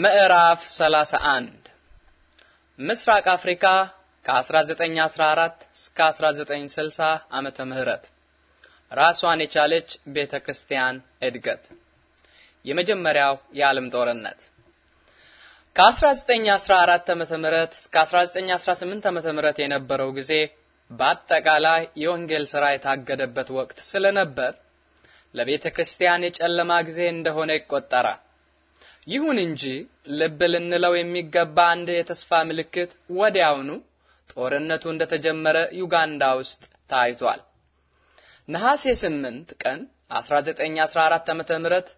ምዕራፍ 31 ምስራቅ አፍሪካ ከ1914 እስከ 1960 ዓመተ ምህረት ራሷን የቻለች ቤተክርስቲያን እድገት የመጀመሪያው የዓለም ጦርነት ከ1914 ዓመተ ምህረት እስከ 1918 ዓመተ ምህረት የነበረው ጊዜ በአጠቃላይ የወንጌል ሥራ የታገደበት ወቅት ስለነበር ለቤተክርስቲያን የጨለማ ጊዜ እንደሆነ ይቆጠራል። ይሁን እንጂ ልብ ልንለው የሚገባ አንድ የተስፋ ምልክት ወዲያውኑ ጦርነቱ እንደተጀመረ ዩጋንዳ ውስጥ ታይቷል። ነሐሴ 8 ቀን 1914 ዓመተ ምህረት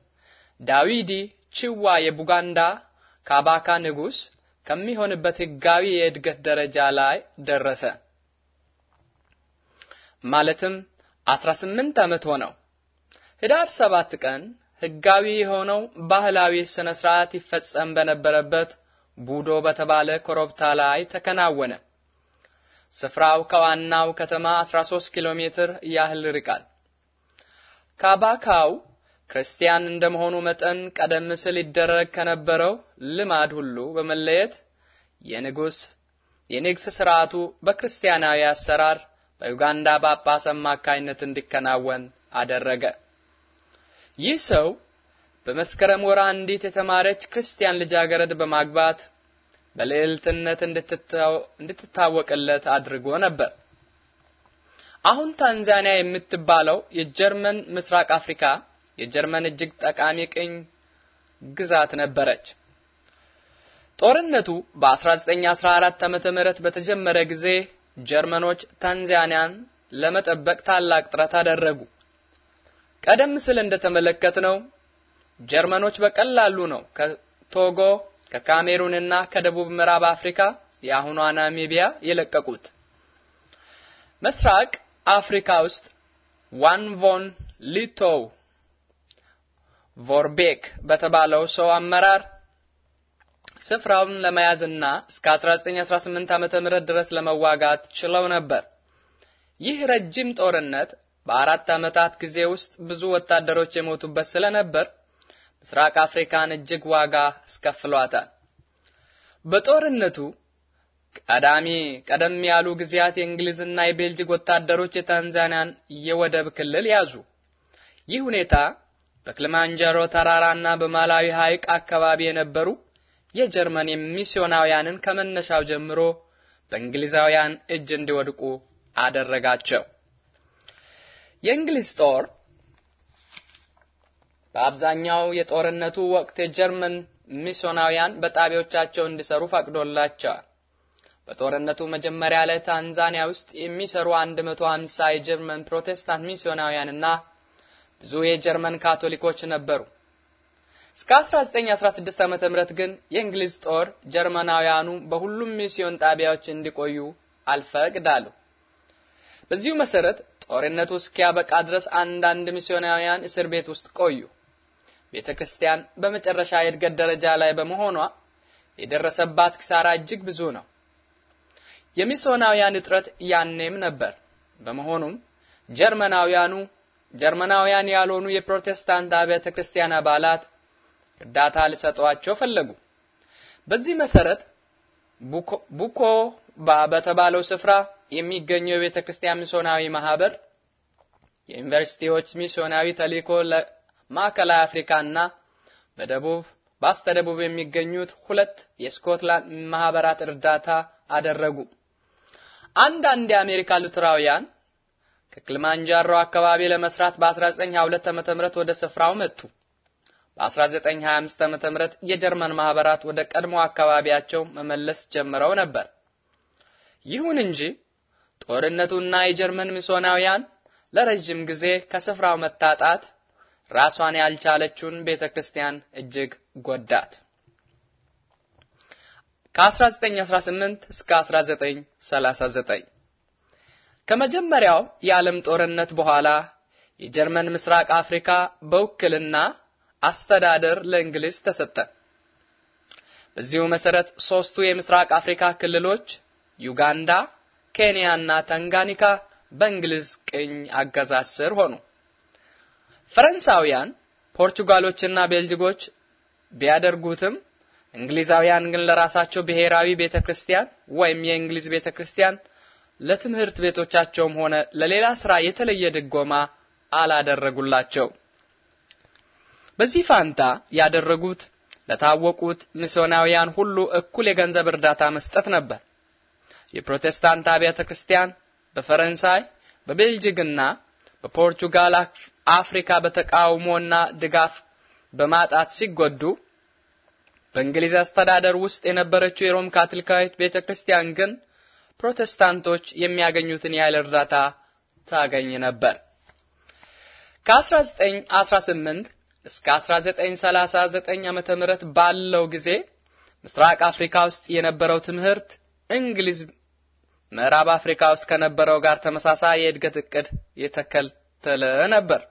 ዳዊዲ ቺዋ የቡጋንዳ ካባካ ንጉስ ከሚሆንበት ህጋዊ የእድገት ደረጃ ላይ ደረሰ። ማለትም 18 ዓመት ሆነው። ህዳር 7 ቀን ህጋዊ የሆነው ባህላዊ ስነ ስርዓት ይፈጸም በነበረበት ቡዶ በተባለ ኮረብታ ላይ ተከናወነ። ስፍራው ከዋናው ከተማ 13 ኪሎ ሜትር ያህል ርቃል። ካባካው ክርስቲያን እንደመሆኑ መጠን ቀደም ሲል ይደረግ ከነበረው ልማድ ሁሉ በመለየት የንጉስ የንግስ ስርዓቱ በክርስቲያናዊ አሰራር በዩጋንዳ ጳጳስ አማካይነት እንዲከናወን አደረገ። ይህ ሰው በመስከረም ወራ አንዲት የተማረች ክርስቲያን ልጃገረድ በማግባት በልዕልትነት እንድትታወቅለት አድርጎ ነበር። አሁን ታንዛኒያ የምትባለው የጀርመን ምስራቅ አፍሪካ የጀርመን እጅግ ጠቃሚ ቅኝ ግዛት ነበረች። ጦርነቱ በ1914 ዓመተ ምህረት በተጀመረ ጊዜ ጀርመኖች ታንዛኒያን ለመጠበቅ ታላቅ ጥረት አደረጉ። ቀደም ሲል እንደተመለከትነው ጀርመኖች በቀላሉ ነው ከቶጎ ከካሜሩንና ከደቡብ ምዕራብ አፍሪካ የአሁኗ ናሚቢያ የለቀቁት። ምስራቅ አፍሪካ ውስጥ ዋን ቮን ሊቶው ቮርቤክ በተባለው ሰው አመራር ስፍራውን ለመያዝና እስከ 1918 ዓመተ ምህረት ድረስ ለመዋጋት ችለው ነበር። ይህ ረጅም ጦርነት በአራት ዓመታት ጊዜ ውስጥ ብዙ ወታደሮች የሞቱበት ስለነበር ምስራቅ አፍሪካን እጅግ ዋጋ አስከፍሏታል። በጦርነቱ ቀዳሚ ቀደም ያሉ ጊዜያት የእንግሊዝና የቤልጅግ ወታደሮች የታንዛኒያን የወደብ ክልል ያዙ። ይህ ሁኔታ በክልማንጃሮ ተራራና በማላዊ ሐይቅ አካባቢ የነበሩ የጀርመን ሚስዮናውያንን ከመነሻው ጀምሮ በእንግሊዛውያን እጅ እንዲወድቁ አደረጋቸው። የእንግሊዝ ጦር በአብዛኛው የጦርነቱ ወቅት የጀርመን ሚስዮናውያን በጣቢያዎቻቸው እንዲሰሩ ፈቅዶላቸዋል። በጦርነቱ መጀመሪያ ላይ ታንዛኒያ ውስጥ የሚሰሩ 150 የጀርመን ፕሮቴስታንት ሚስዮናውያንና ብዙ የጀርመን ካቶሊኮች ነበሩ። እስከ 1916 ዓመተ ምህረት ግን የእንግሊዝ ጦር ጀርመናውያኑ በሁሉም ሚስዮን ጣቢያዎች እንዲቆዩ አልፈቅዳሉ። በዚሁ መሰረት ጦርነቱ እስኪያበቃ ድረስ አንዳንድ ሚስዮናውያን እስር ቤት ውስጥ ቆዩ። ቤተ ክርስቲያን በመጨረሻ የእድገት ደረጃ ላይ በመሆኗ የደረሰባት ክሳራ እጅግ ብዙ ነው። የሚስዮናውያን እጥረት ያኔም ነበር። በመሆኑም ጀርመናውያኑ ጀርመናውያን ያልሆኑ የፕሮቴስታንት አብያተ ክርስቲያን አባላት እርዳታ ሊሰጧቸው ፈለጉ። በዚህ መሰረት ቡኮባ በተባለው ስፍራ የሚገኘው የቤተ ክርስቲያን ሚስዮናዊ ማህበር የዩኒቨርሲቲዎች ሚስዮናዊ ተልእኮ ማዕከላዊ አፍሪካና በደቡብ ባስተደቡብ የሚገኙት ሁለት የስኮትላንድ ማህበራት እርዳታ አደረጉ። አንዳንድ የአሜሪካ ሉትራውያን ከክልማንጃሮ አካባቢ ለመስራት በ1922 ዓ.ም ወደ ስፍራው መጡ። በ1925 ዓ.ም የጀርመን ማህበራት ወደ ቀድሞ አካባቢያቸው መመለስ ጀምረው ነበር። ይሁን እንጂ ጦርነቱና የጀርመን ሚስዮናውያን ለረጅም ጊዜ ከስፍራው መታጣት ራሷን ያልቻለችውን ቤተ ክርስቲያን እጅግ ጎዳት። ከ1918 እስከ 1939 ከመጀመሪያው የዓለም ጦርነት በኋላ የጀርመን ምስራቅ አፍሪካ በውክልና አስተዳደር ለእንግሊዝ ተሰጠ። በዚሁ መሰረት ሶስቱ የምስራቅ አፍሪካ ክልሎች ዩጋንዳ፣ ኬንያና ታንጋኒካ በእንግሊዝ ቅኝ አገዛዝ ስር ሆኑ። ፈረንሳውያን፣ ፖርቱጋሎችና ቤልጅጎች ቢያደርጉትም እንግሊዛውያን ግን ለራሳቸው ብሔራዊ ቤተክርስቲያን ወይም የእንግሊዝ ቤተክርስቲያን ለትምህርት ቤቶቻቸውም ሆነ ለሌላ ስራ የተለየ ድጎማ አላደረጉላቸው። በዚህ ፋንታ ያደረጉት ለታወቁት ሚስዮናውያን ሁሉ እኩል የገንዘብ እርዳታ መስጠት ነበር። የፕሮቴስታንት አብያተ ክርስቲያን በፈረንሳይ በቤልጅግና በፖርቱጋል አፍሪካ በተቃውሞና ድጋፍ በማጣት ሲጎዱ በእንግሊዝ አስተዳደር ውስጥ የነበረችው የሮም ካቶሊካዊት ቤተክርስቲያን ግን ፕሮቴስታንቶች የሚያገኙትን ያህል እርዳታ ታገኝ ነበር። ከ1918 እስከ 1939 ዓመተ ምህረት ባለው ጊዜ ምስራቅ አፍሪካ ውስጥ የነበረው ትምህርት እንግሊዝ ምዕራብ አፍሪካ ውስጥ ከነበረው ጋር ተመሳሳይ የእድገት እቅድ የተከተለ ነበር።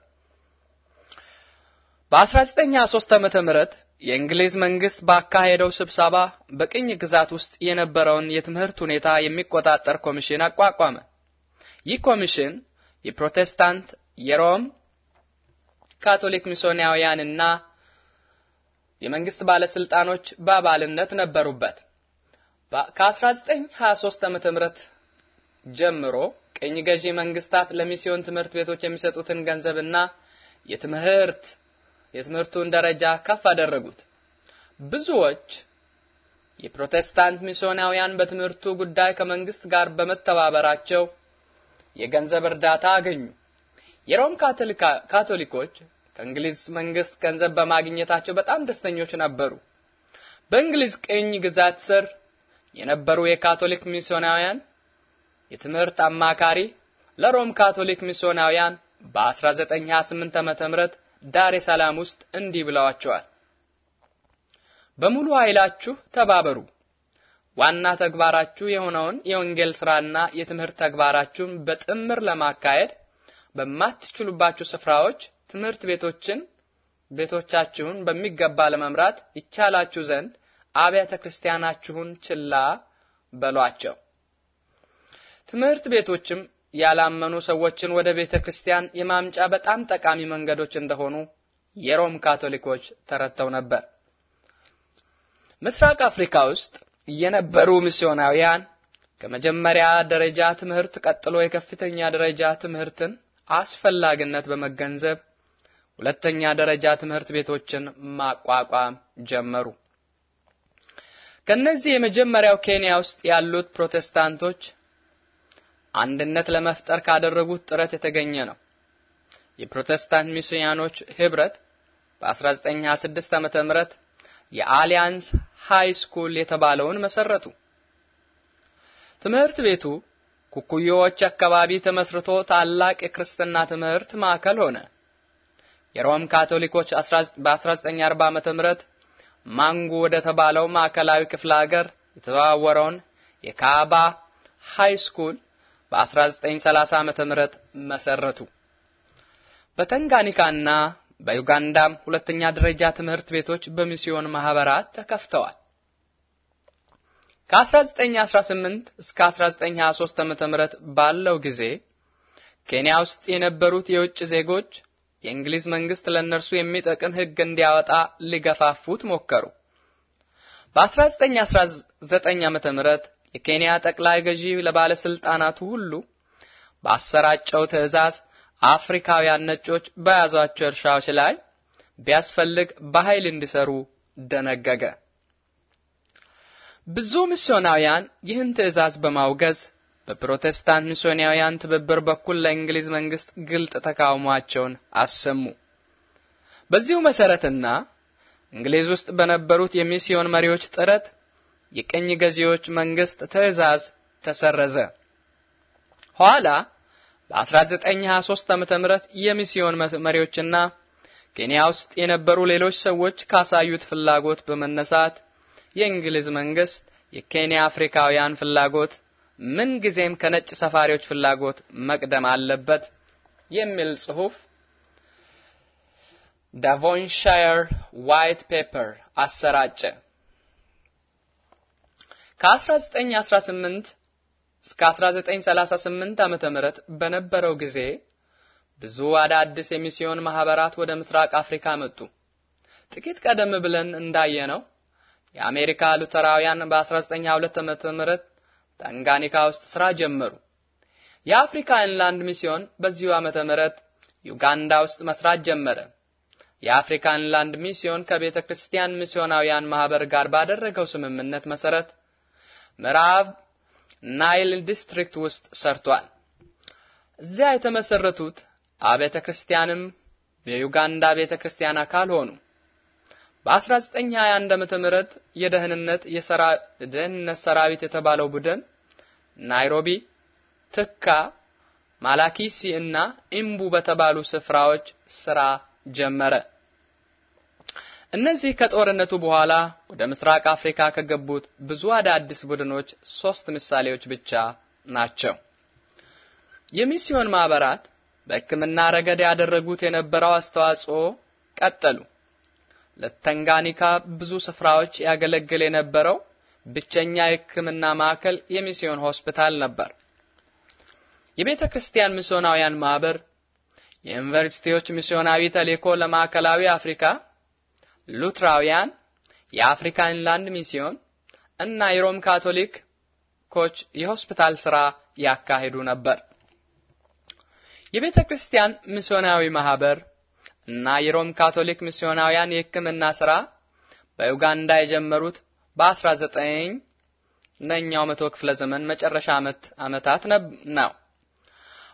በ1923 ዓመተ ምህረት የእንግሊዝ መንግስት ባካሄደው ስብሰባ በቅኝ ግዛት ውስጥ የነበረውን የትምህርት ሁኔታ የሚቆጣጠር ኮሚሽን አቋቋመ። ይህ ኮሚሽን የፕሮቴስታንት፣ የሮም ካቶሊክ ሚስዮናውያንና የመንግስት ባለስልጣኖች በአባልነት ነበሩበት። ከ1923 ዓመተ ምህረት ጀምሮ ቅኝ ገዢ መንግስታት ለሚስዮን ትምህርት ቤቶች የሚሰጡትን ገንዘብና የትምህርት የትምህርቱን ደረጃ ከፍ አደረጉት። ብዙዎች የፕሮቴስታንት ሚስዮናውያን በትምህርቱ ጉዳይ ከመንግስት ጋር በመተባበራቸው የገንዘብ እርዳታ አገኙ። የሮም ካቶሊኮች ከእንግሊዝ መንግስት ገንዘብ በማግኘታቸው በጣም ደስተኞች ነበሩ። በእንግሊዝ ቅኝ ግዛት ስር የነበሩ የካቶሊክ ሚስዮናውያን የትምህርት አማካሪ ለሮም ካቶሊክ ሚስዮናውያን በ1928 ዓ.ም። ዳሬ ሰላም ውስጥ እንዲህ ብለዋቸዋል። በሙሉ ኃይላችሁ ተባበሩ። ዋና ተግባራችሁ የሆነውን የወንጌል ስራና የትምህርት ተግባራችሁን በጥምር ለማካሄድ በማትችሉባቸው ስፍራዎች ትምህርት ቤቶችን ቤቶቻችሁን በሚገባ ለመምራት ይቻላችሁ ዘንድ አብያተ ክርስቲያናችሁን ችላ በሏቸው። ትምህርት ቤቶችም ያላመኑ ሰዎችን ወደ ቤተ ክርስቲያን የማምጫ በጣም ጠቃሚ መንገዶች እንደሆኑ የሮም ካቶሊኮች ተረድተው ነበር። ምስራቅ አፍሪካ ውስጥ የነበሩ ሚስዮናውያን ከመጀመሪያ ደረጃ ትምህርት ቀጥሎ የከፍተኛ ደረጃ ትምህርትን አስፈላጊነት በመገንዘብ ሁለተኛ ደረጃ ትምህርት ቤቶችን ማቋቋም ጀመሩ። ከነዚህ የመጀመሪያው ኬንያ ውስጥ ያሉት ፕሮቴስታንቶች አንድነት ለመፍጠር ካደረጉት ጥረት የተገኘ ነው። የፕሮቴስታንት ሚስዮናኖች ህብረት በ1926 ዓመተ ምህረት የአሊያንስ ሃይ ስኩል የተባለውን መሰረቱ። ትምህርት ቤቱ ኩኩዮዎች አካባቢ ተመስርቶ ታላቅ የክርስትና ትምህርት ማዕከል ሆነ። የሮም ካቶሊኮች በ1940 ዓመተ ምህረት ማንጉ ወደ ተባለው ማዕከላዊ ክፍለ ሀገር የተዘዋወረውን የካባ ሃይ ስኩል በ1930 ዓመተ ምህረት መሰረቱ። በተንጋኒካና በዩጋንዳም ሁለተኛ ደረጃ ትምህርት ቤቶች በሚስዮን ማህበራት ተከፍተዋል። ከ1918 እስከ 1923 ዓመተ ምህረት ባለው ጊዜ ኬንያ ውስጥ የነበሩት የውጭ ዜጎች የእንግሊዝ መንግስት ለእነርሱ የሚጠቅም ሕግ እንዲያወጣ ሊገፋፉት ሞከሩ። በ1919 ዓመተ ምህረት የኬንያ ጠቅላይ ገዢ ለባለስልጣናቱ ሁሉ ባሰራጨው ትዕዛዝ አፍሪካውያን ነጮች በያዟቸው እርሻዎች ላይ ቢያስፈልግ በኃይል እንዲሰሩ ደነገገ። ብዙ ሚስዮናውያን ይህን ትዕዛዝ በማውገዝ በፕሮቴስታንት ሚስዮናውያን ትብብር በኩል ለእንግሊዝ መንግስት ግልጥ ተቃውሟቸውን አሰሙ። በዚሁ መሰረትና እንግሊዝ ውስጥ በነበሩት የሚስዮን መሪዎች ጥረት የቅኝ ገዢዎች መንግስት ትእዛዝ ተሰረዘ። ኋላ በ1923 ዓመተ ምህረት የሚስዮን መሪዎችና ኬንያ ውስጥ የነበሩ ሌሎች ሰዎች ካሳዩት ፍላጎት በመነሳት የእንግሊዝ መንግስት የኬንያ አፍሪካውያን ፍላጎት ምን ጊዜም ከነጭ ሰፋሪዎች ፍላጎት መቅደም አለበት የሚል ጽሑፍ ዳቮንሻየር ዋይት ፔፐር አሰራጨ። ከ1918 እስከ 1938 ዓመተ ምህረት በነበረው ጊዜ ብዙ አዳዲስ የሚስዮን ማህበራት ወደ ምስራቅ አፍሪካ መጡ። ጥቂት ቀደም ብለን እንዳየነው የአሜሪካ ሉተራውያን በ1922 ዓመተ ምህረት ታንጋኒካ ውስጥ ስራ ጀመሩ። የአፍሪካ ኢንላንድ ሚስዮን በዚሁ ዓመተ ምህረት ዩጋንዳ ውስጥ መስራት ጀመረ። የአፍሪካ ኢንላንድ ሚስዮን ከቤተ ክርስቲያን ሚስዮናውያን ማህበር ጋር ባደረገው ስምምነት መሰረት ምዕራብ ናይል ዲስትሪክት ውስጥ ሰርቷል። እዚያ የተመሰረቱት አብያተ ክርስቲያንም የዩጋንዳ ቤተ ክርስቲያን አካል ሆኑ። በ1921 ዓመተ ምህረት የደህንነት የደህንነት ሰራዊት የተባለው ቡድን ናይሮቢ፣ ትካ፣ ማላኪሲ እና ኢምቡ በተባሉ ስፍራዎች ስራ ጀመረ። እነዚህ ከጦርነቱ በኋላ ወደ ምስራቅ አፍሪካ ከገቡት ብዙ አዳዲስ ቡድኖች ሶስት ምሳሌዎች ብቻ ናቸው። የሚስዮን ማህበራት በሕክምና ረገድ ያደረጉት የነበረው አስተዋጽኦ ቀጠሉ። ለተንጋኒካ ብዙ ስፍራዎች ያገለግል የነበረው ብቸኛ የሕክምና ማዕከል የሚስዮን ሆስፒታል ነበር። የቤተ ክርስቲያን ሚስዮናውያን ማህበር የዩኒቨርሲቲዎች ሚስዮናዊ ተልእኮ ለማዕከላዊ አፍሪካ ሉትራውያን፣ የአፍሪካ ኢንላንድ ሚስዮን እና የሮም ካቶሊኮች የሆስፒታል ስራ ያካሂዱ ነበር። የቤተ ክርስቲያን ሚስዮናዊ ማህበር እና የሮም ካቶሊክ ሚስዮናውያን የሕክምና ስራ በዩጋንዳ የጀመሩት በ19 ነኛው መቶ ክፍለ ዘመን መጨረሻ ዓመት ዓመታት ነው።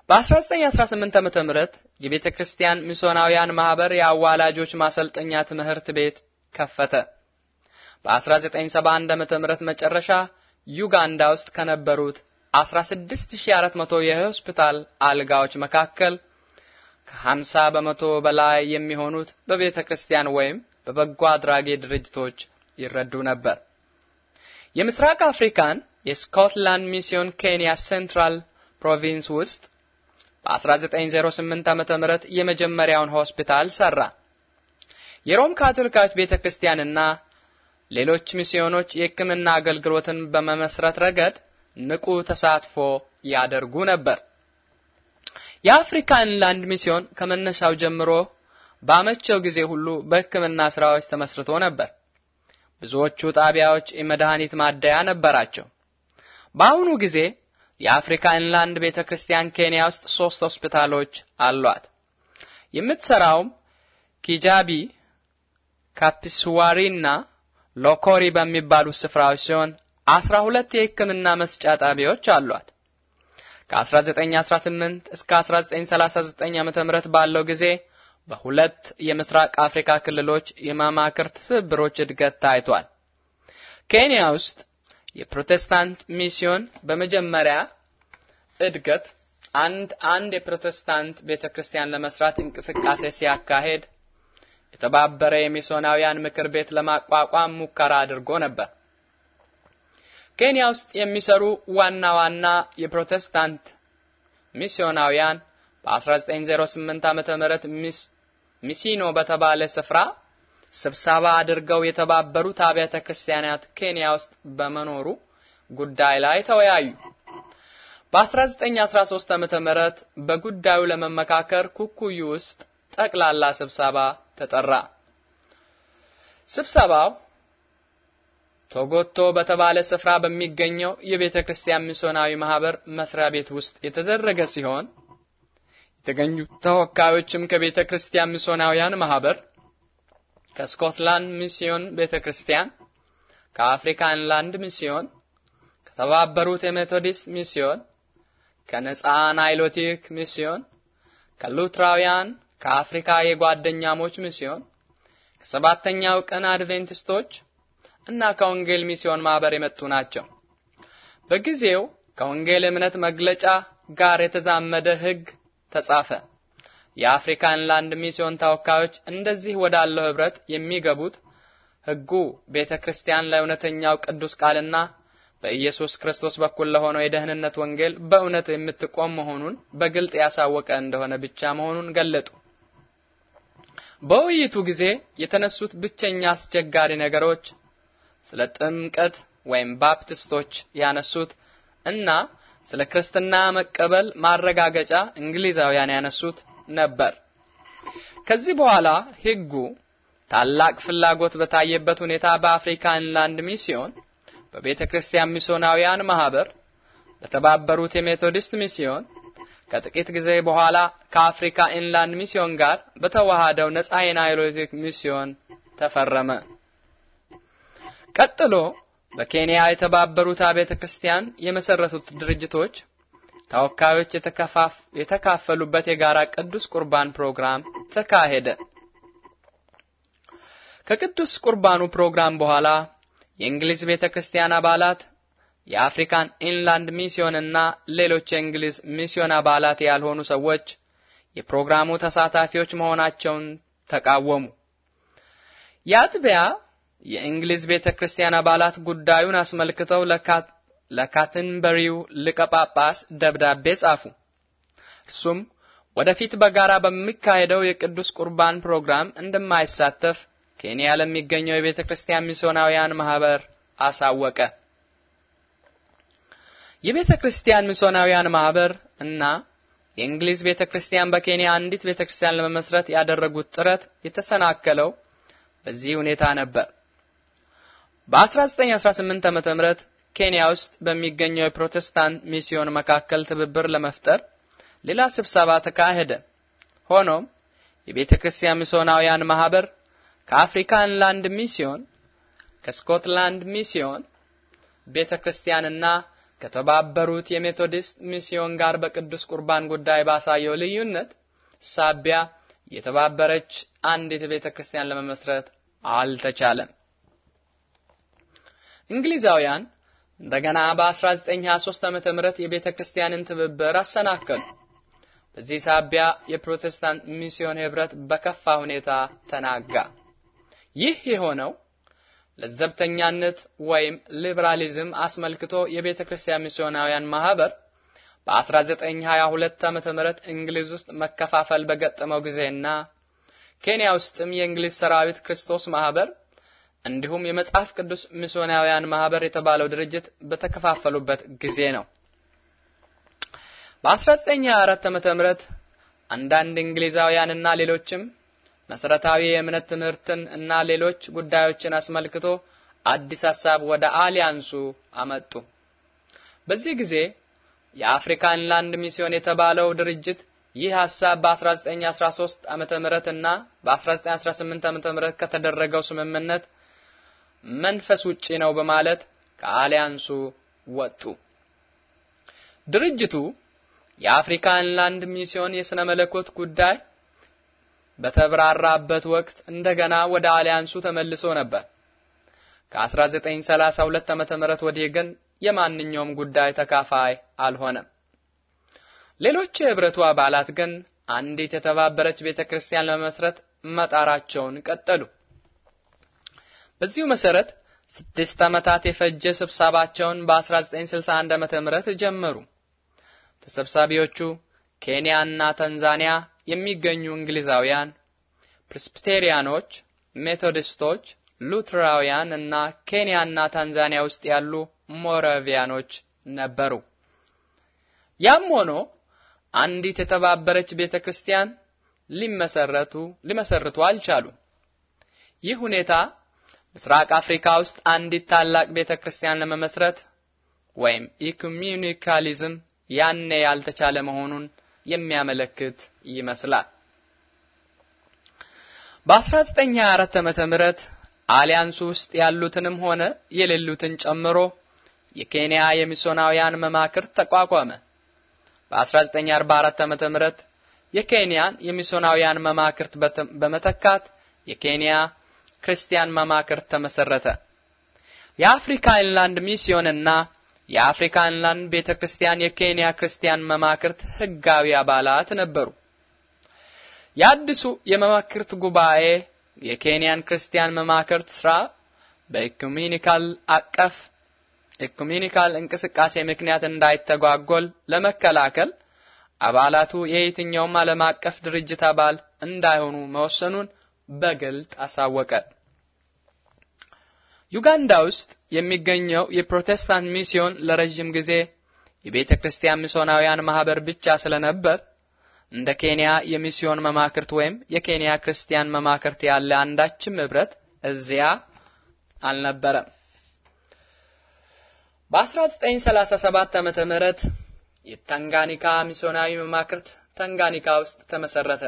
በ1918 ዓመተ ምህረት የቤተ ክርስቲያን ሚስዮናውያን ማህበር የአዋላጆች ማሰልጠኛ ትምህርት ቤት ከፈተ። በ1971 ዓ ም መጨረሻ ዩጋንዳ ውስጥ ከነበሩት 16400 የሆስፒታል አልጋዎች መካከል ከ50 በመቶ በላይ የሚሆኑት በቤተ ክርስቲያን ወይም በበጎ አድራጊ ድርጅቶች ይረዱ ነበር። የምስራቅ አፍሪካን የስኮትላንድ ሚስዮን ኬንያ ሴንትራል ፕሮቪንስ ውስጥ በ1908 ዓ.ም የመጀመሪያውን ሆስፒታል ሰራ። የሮም ቤተ ክርስቲያንና ሌሎች ሚስዮኖች የሕክምና አገልግሎትን በመመስረት ረገድ ንቁ ተሳትፎ ያደርጉ ነበር። የአፍሪካ ኢንላንድ ሚስዮን ከመነሻው ጀምሮ ባመቸው ጊዜ ሁሉ በሕክምና ስራዎች ተመስርቶ ነበር። ብዙዎቹ ጣቢያዎች የመድኃኒት ማደያ ነበራቸው። በአሁኑ ጊዜ የአፍሪካ ኢንላንድ ቤተክርስቲያን ኬንያ ውስጥ ሶስት ሆስፒታሎች አሏት። የምትሰራውም ኪጃቢ፣ ካፒስዋሪና ሎኮሪ በሚባሉ ስፍራዎች ሲሆን አስራ ሁለት የሕክምና መስጫ ጣቢያዎች አሏት። ከ1918 እስከ 1939 ዓመተ ምህረት ባለው ጊዜ በሁለት የምስራቅ አፍሪካ ክልሎች የማማከር ትብብሮች እድገት ታይቷል። ኬንያ ውስጥ የፕሮቴስታንት ሚስዮን በመጀመሪያ እድገት አንድ አንድ የፕሮቴስታንት ቤተክርስቲያን ለመስራት እንቅስቃሴ ሲያካሄድ የተባበረ የሚስዮናውያን ምክር ቤት ለማቋቋም ሙከራ አድርጎ ነበር። ኬንያ ውስጥ የሚሰሩ ዋና ዋና የፕሮቴስታንት ሚስዮናውያን በ1908 ዓ.ም ሚሲኖ በተባለ ስፍራ ስብሰባ አድርገው የተባበሩት አብያተ ክርስቲያናት ኬንያ ውስጥ በመኖሩ ጉዳይ ላይ ተወያዩ። በ1913 ዓመተ ምህረት በጉዳዩ ለመመካከር ኩኩዩ ውስጥ ጠቅላላ ስብሰባ ተጠራ። ስብሰባው ቶጎቶ በተባለ ስፍራ በሚገኘው የቤተ ክርስቲያን ሚስዮናዊ ማህበር መስሪያ ቤት ውስጥ የተደረገ ሲሆን የተገኙ ተወካዮችም ከቤተ ክርስቲያን ሚስዮናውያን ማህበር ከስኮትላንድ ሚስዮን ቤተክርስቲያን፣ ከአፍሪካ ኢንላንድ ሚስዮን፣ ከተባበሩት የሜቶዲስት ሚስዮን፣ ከነፃ ናይሎቲክ ሚስዮን፣ ከሉትራውያን፣ ከአፍሪካ የጓደኛሞች ሚስዮን፣ ከሰባተኛው ቀን አድቬንቲስቶች እና ከወንጌል ሚስዮን ማህበር የመጡ ናቸው። በጊዜው ከወንጌል እምነት መግለጫ ጋር የተዛመደ ሕግ ተጻፈ። የአፍሪካን ላንድ ሚስዮን ተወካዮች እንደዚህ ወዳለው ህብረት የሚገቡት ህጉ ቤተ ክርስቲያን ለእውነተኛው ቅዱስ ቃልና በኢየሱስ ክርስቶስ በኩል ለሆነው የደህንነት ወንጌል በእውነት የምትቆም መሆኑን በግልጥ ያሳወቀ እንደሆነ ብቻ መሆኑን ገለጡ። በውይይቱ ጊዜ የተነሱት ብቸኛ አስቸጋሪ ነገሮች ስለ ጥምቀት ወይም ባፕቲስቶች ያነሱት እና ስለ ክርስትና መቀበል ማረጋገጫ እንግሊዛውያን ያነሱት ነበር። ከዚህ በኋላ ህጉ ታላቅ ፍላጎት በታየበት ሁኔታ በአፍሪካ ኢንላንድ ሚስዮን፣ በቤተ ክርስቲያን ሚስዮናውያን ማህበር፣ በተባበሩት የሜቶዲስት ሚስዮን ከጥቂት ጊዜ በኋላ ከአፍሪካ ኢንላንድ ሚስዮን ጋር በተዋሃደው ነጻ የናይሮቲክ ሚስዮን ተፈረመ። ቀጥሎ በኬንያ የተባበሩት አብያተ ክርስቲያን የመሰረቱት ድርጅቶች ተወካዮች የተካፈሉበት የጋራ ቅዱስ ቁርባን ፕሮግራም ተካሄደ። ከቅዱስ ቁርባኑ ፕሮግራም በኋላ የእንግሊዝ ቤተ ክርስቲያን አባላት የአፍሪካን ኢንላንድ ሚስዮንና ሌሎች የእንግሊዝ ሚስዮን አባላት ያልሆኑ ሰዎች የፕሮግራሙ ተሳታፊዎች መሆናቸውን ተቃወሙ። የአጥቢያ የእንግሊዝ ቤተ ክርስቲያን አባላት ጉዳዩን አስመልክተው ለካትንበሪው ሊቀ ጳጳስ ደብዳቤ ጻፉ። እርሱም ወደፊት በጋራ በሚካሄደው የቅዱስ ቁርባን ፕሮግራም እንደማይሳተፍ ኬንያ ለሚገኘው የቤተ ክርስቲያን ሚስዮናውያን ማህበር አሳወቀ። የቤተ ክርስቲያን ሚስዮናውያን ማህበር እና የእንግሊዝ ቤተ ክርስቲያን በኬንያ አንዲት ቤተ ክርስቲያን ለመመስረት ያደረጉት ጥረት የተሰናከለው በዚህ ሁኔታ ነበር። በ1918 ዓ.ም ኬንያ ውስጥ በሚገኘው የፕሮቴስታንት ሚስዮን መካከል ትብብር ለመፍጠር ሌላ ስብሰባ ተካሄደ። ሆኖም የቤተ ክርስቲያን ሚስዮናውያን ማህበር ከአፍሪካ ኢንላንድ ሚስዮን፣ ከስኮትላንድ ሚስዮን ቤተ ክርስቲያንና ከተባበሩት የሜቶዲስት ሚስዮን ጋር በቅዱስ ቁርባን ጉዳይ ባሳየው ልዩነት ሳቢያ የተባበረች አንዲት ቤተ ክርስቲያን ለመመስረት አልተቻለም። እንግሊዛውያን እንደገና በ1923 ዓመተ ምህረት የቤተ ክርስቲያንን ትብብር አሰናከሉ። በዚህ ሳቢያ የፕሮቴስታንት ሚስዮን ህብረት በከፋ ሁኔታ ተናጋ። ይህ የሆነው ለዘብተኛነት ወይም ሊበራሊዝም አስመልክቶ የቤተ ክርስቲያን ሚስዮናውያን ማህበር በ1922 ዓመተ ምህረት እንግሊዝ ውስጥ መከፋፈል በገጠመው ጊዜና ኬንያ ውስጥም የእንግሊዝ ሰራዊት ክርስቶስ ማህበር እንዲሁም የመጽሐፍ ቅዱስ ሚስዮናውያን ማህበር የተባለው ድርጅት በተከፋፈሉበት ጊዜ ነው። በ1924 ዓ.ም አንዳንድ እንግሊዛውያንና ሌሎችም መሰረታዊ የእምነት ትምህርትን እና ሌሎች ጉዳዮችን አስመልክቶ አዲስ ሀሳብ ወደ አሊያንሱ አመጡ። በዚህ ጊዜ የአፍሪካን ላንድ ሚስዮን የተባለው ድርጅት ይህ ሀሳብ በ1913 ዓመተ ምህረት እና በ1918 ዓመተ ምህረት ከተደረገው ስምምነት መንፈስ ውጪ ነው በማለት ከአሊያንሱ ወጡ። ድርጅቱ የአፍሪካ ኢንላንድ ሚስዮን የሥነ መለኮት ጉዳይ በተብራራበት ወቅት እንደገና ወደ አሊያንሱ ተመልሶ ነበር። ከ1932 ዓመተ ምህረት ወዲህ ግን የማንኛውም ጉዳይ ተካፋይ አልሆነም። ሌሎች የህብረቱ አባላት ግን አንዲት የተባበረች ቤተክርስቲያን ለመመስረት መጣራቸውን ቀጠሉ። በዚሁ መሰረት ስድስት ዓመታት የፈጀ ስብሰባቸውን በ1961 ዓመተ ምህረት ጀመሩ። ተሰብሳቢዎቹ ኬንያና ታንዛኒያ የሚገኙ እንግሊዛውያን፣ ፕሬስቢቴሪያኖች፣ ሜቶዲስቶች፣ ሉትራውያን እና ኬንያና ታንዛኒያ ውስጥ ያሉ ሞራቪያኖች ነበሩ። ያም ሆኖ አንዲት የተባበረች ቤተክርስቲያን ሊመሰረቱ ሊመሰርቱ አልቻሉም። ይህ ሁኔታ ምስራቅ አፍሪካ ውስጥ አንዲት ታላቅ ቤተክርስቲያን ለመመስረት ወይም ኢኩሚኒካሊዝም ያኔ ያልተቻለ መሆኑን የሚያመለክት ይመስላል። በ1924 ዓመተ ምህረት አሊያንስ ውስጥ ያሉትንም ሆነ የሌሉትን ጨምሮ የኬንያ የሚሶናውያን መማክር ተቋቋመ። በ1944 ዓመተ ምህረት የኬንያን የሚሶናውያን መማክርት በመተካት የኬንያ ክርስቲያን መማክርት ተመሰረተ። የአፍሪካ ኢንላንድ ሚስዮንና የአፍሪካ ኢንላንድ ቤተ ክርስቲያን የኬንያ ክርስቲያን መማክርት ህጋዊ አባላት ነበሩ። የአዲሱ የመማክርት ጉባኤ የኬንያን ክርስቲያን መማክርት ስራ በኢኩሜኒካል አቀፍ ኢኩሜኒካል እንቅስቃሴ ምክንያት እንዳይተጓጎል ለመከላከል አባላቱ የየትኛውም ዓለም አቀፍ ድርጅት አባል እንዳይሆኑ መወሰኑን በግልጥ አሳወቀ። ዩጋንዳ ውስጥ የሚገኘው የፕሮቴስታንት ሚስዮን ለረጅም ጊዜ የቤተ ክርስቲያን ሚስዮናውያን ማህበር ብቻ ስለነበር እንደ ኬንያ የሚስዮን መማክርት ወይም የኬንያ ክርስቲያን መማክርት ያለ አንዳችም ህብረት እዚያ አልነበረም። በ1937 ዓመተ ምህረት የታንጋኒካ ሚስዮናዊ መማክርት ታንጋኒካ ውስጥ ተመሰረተ።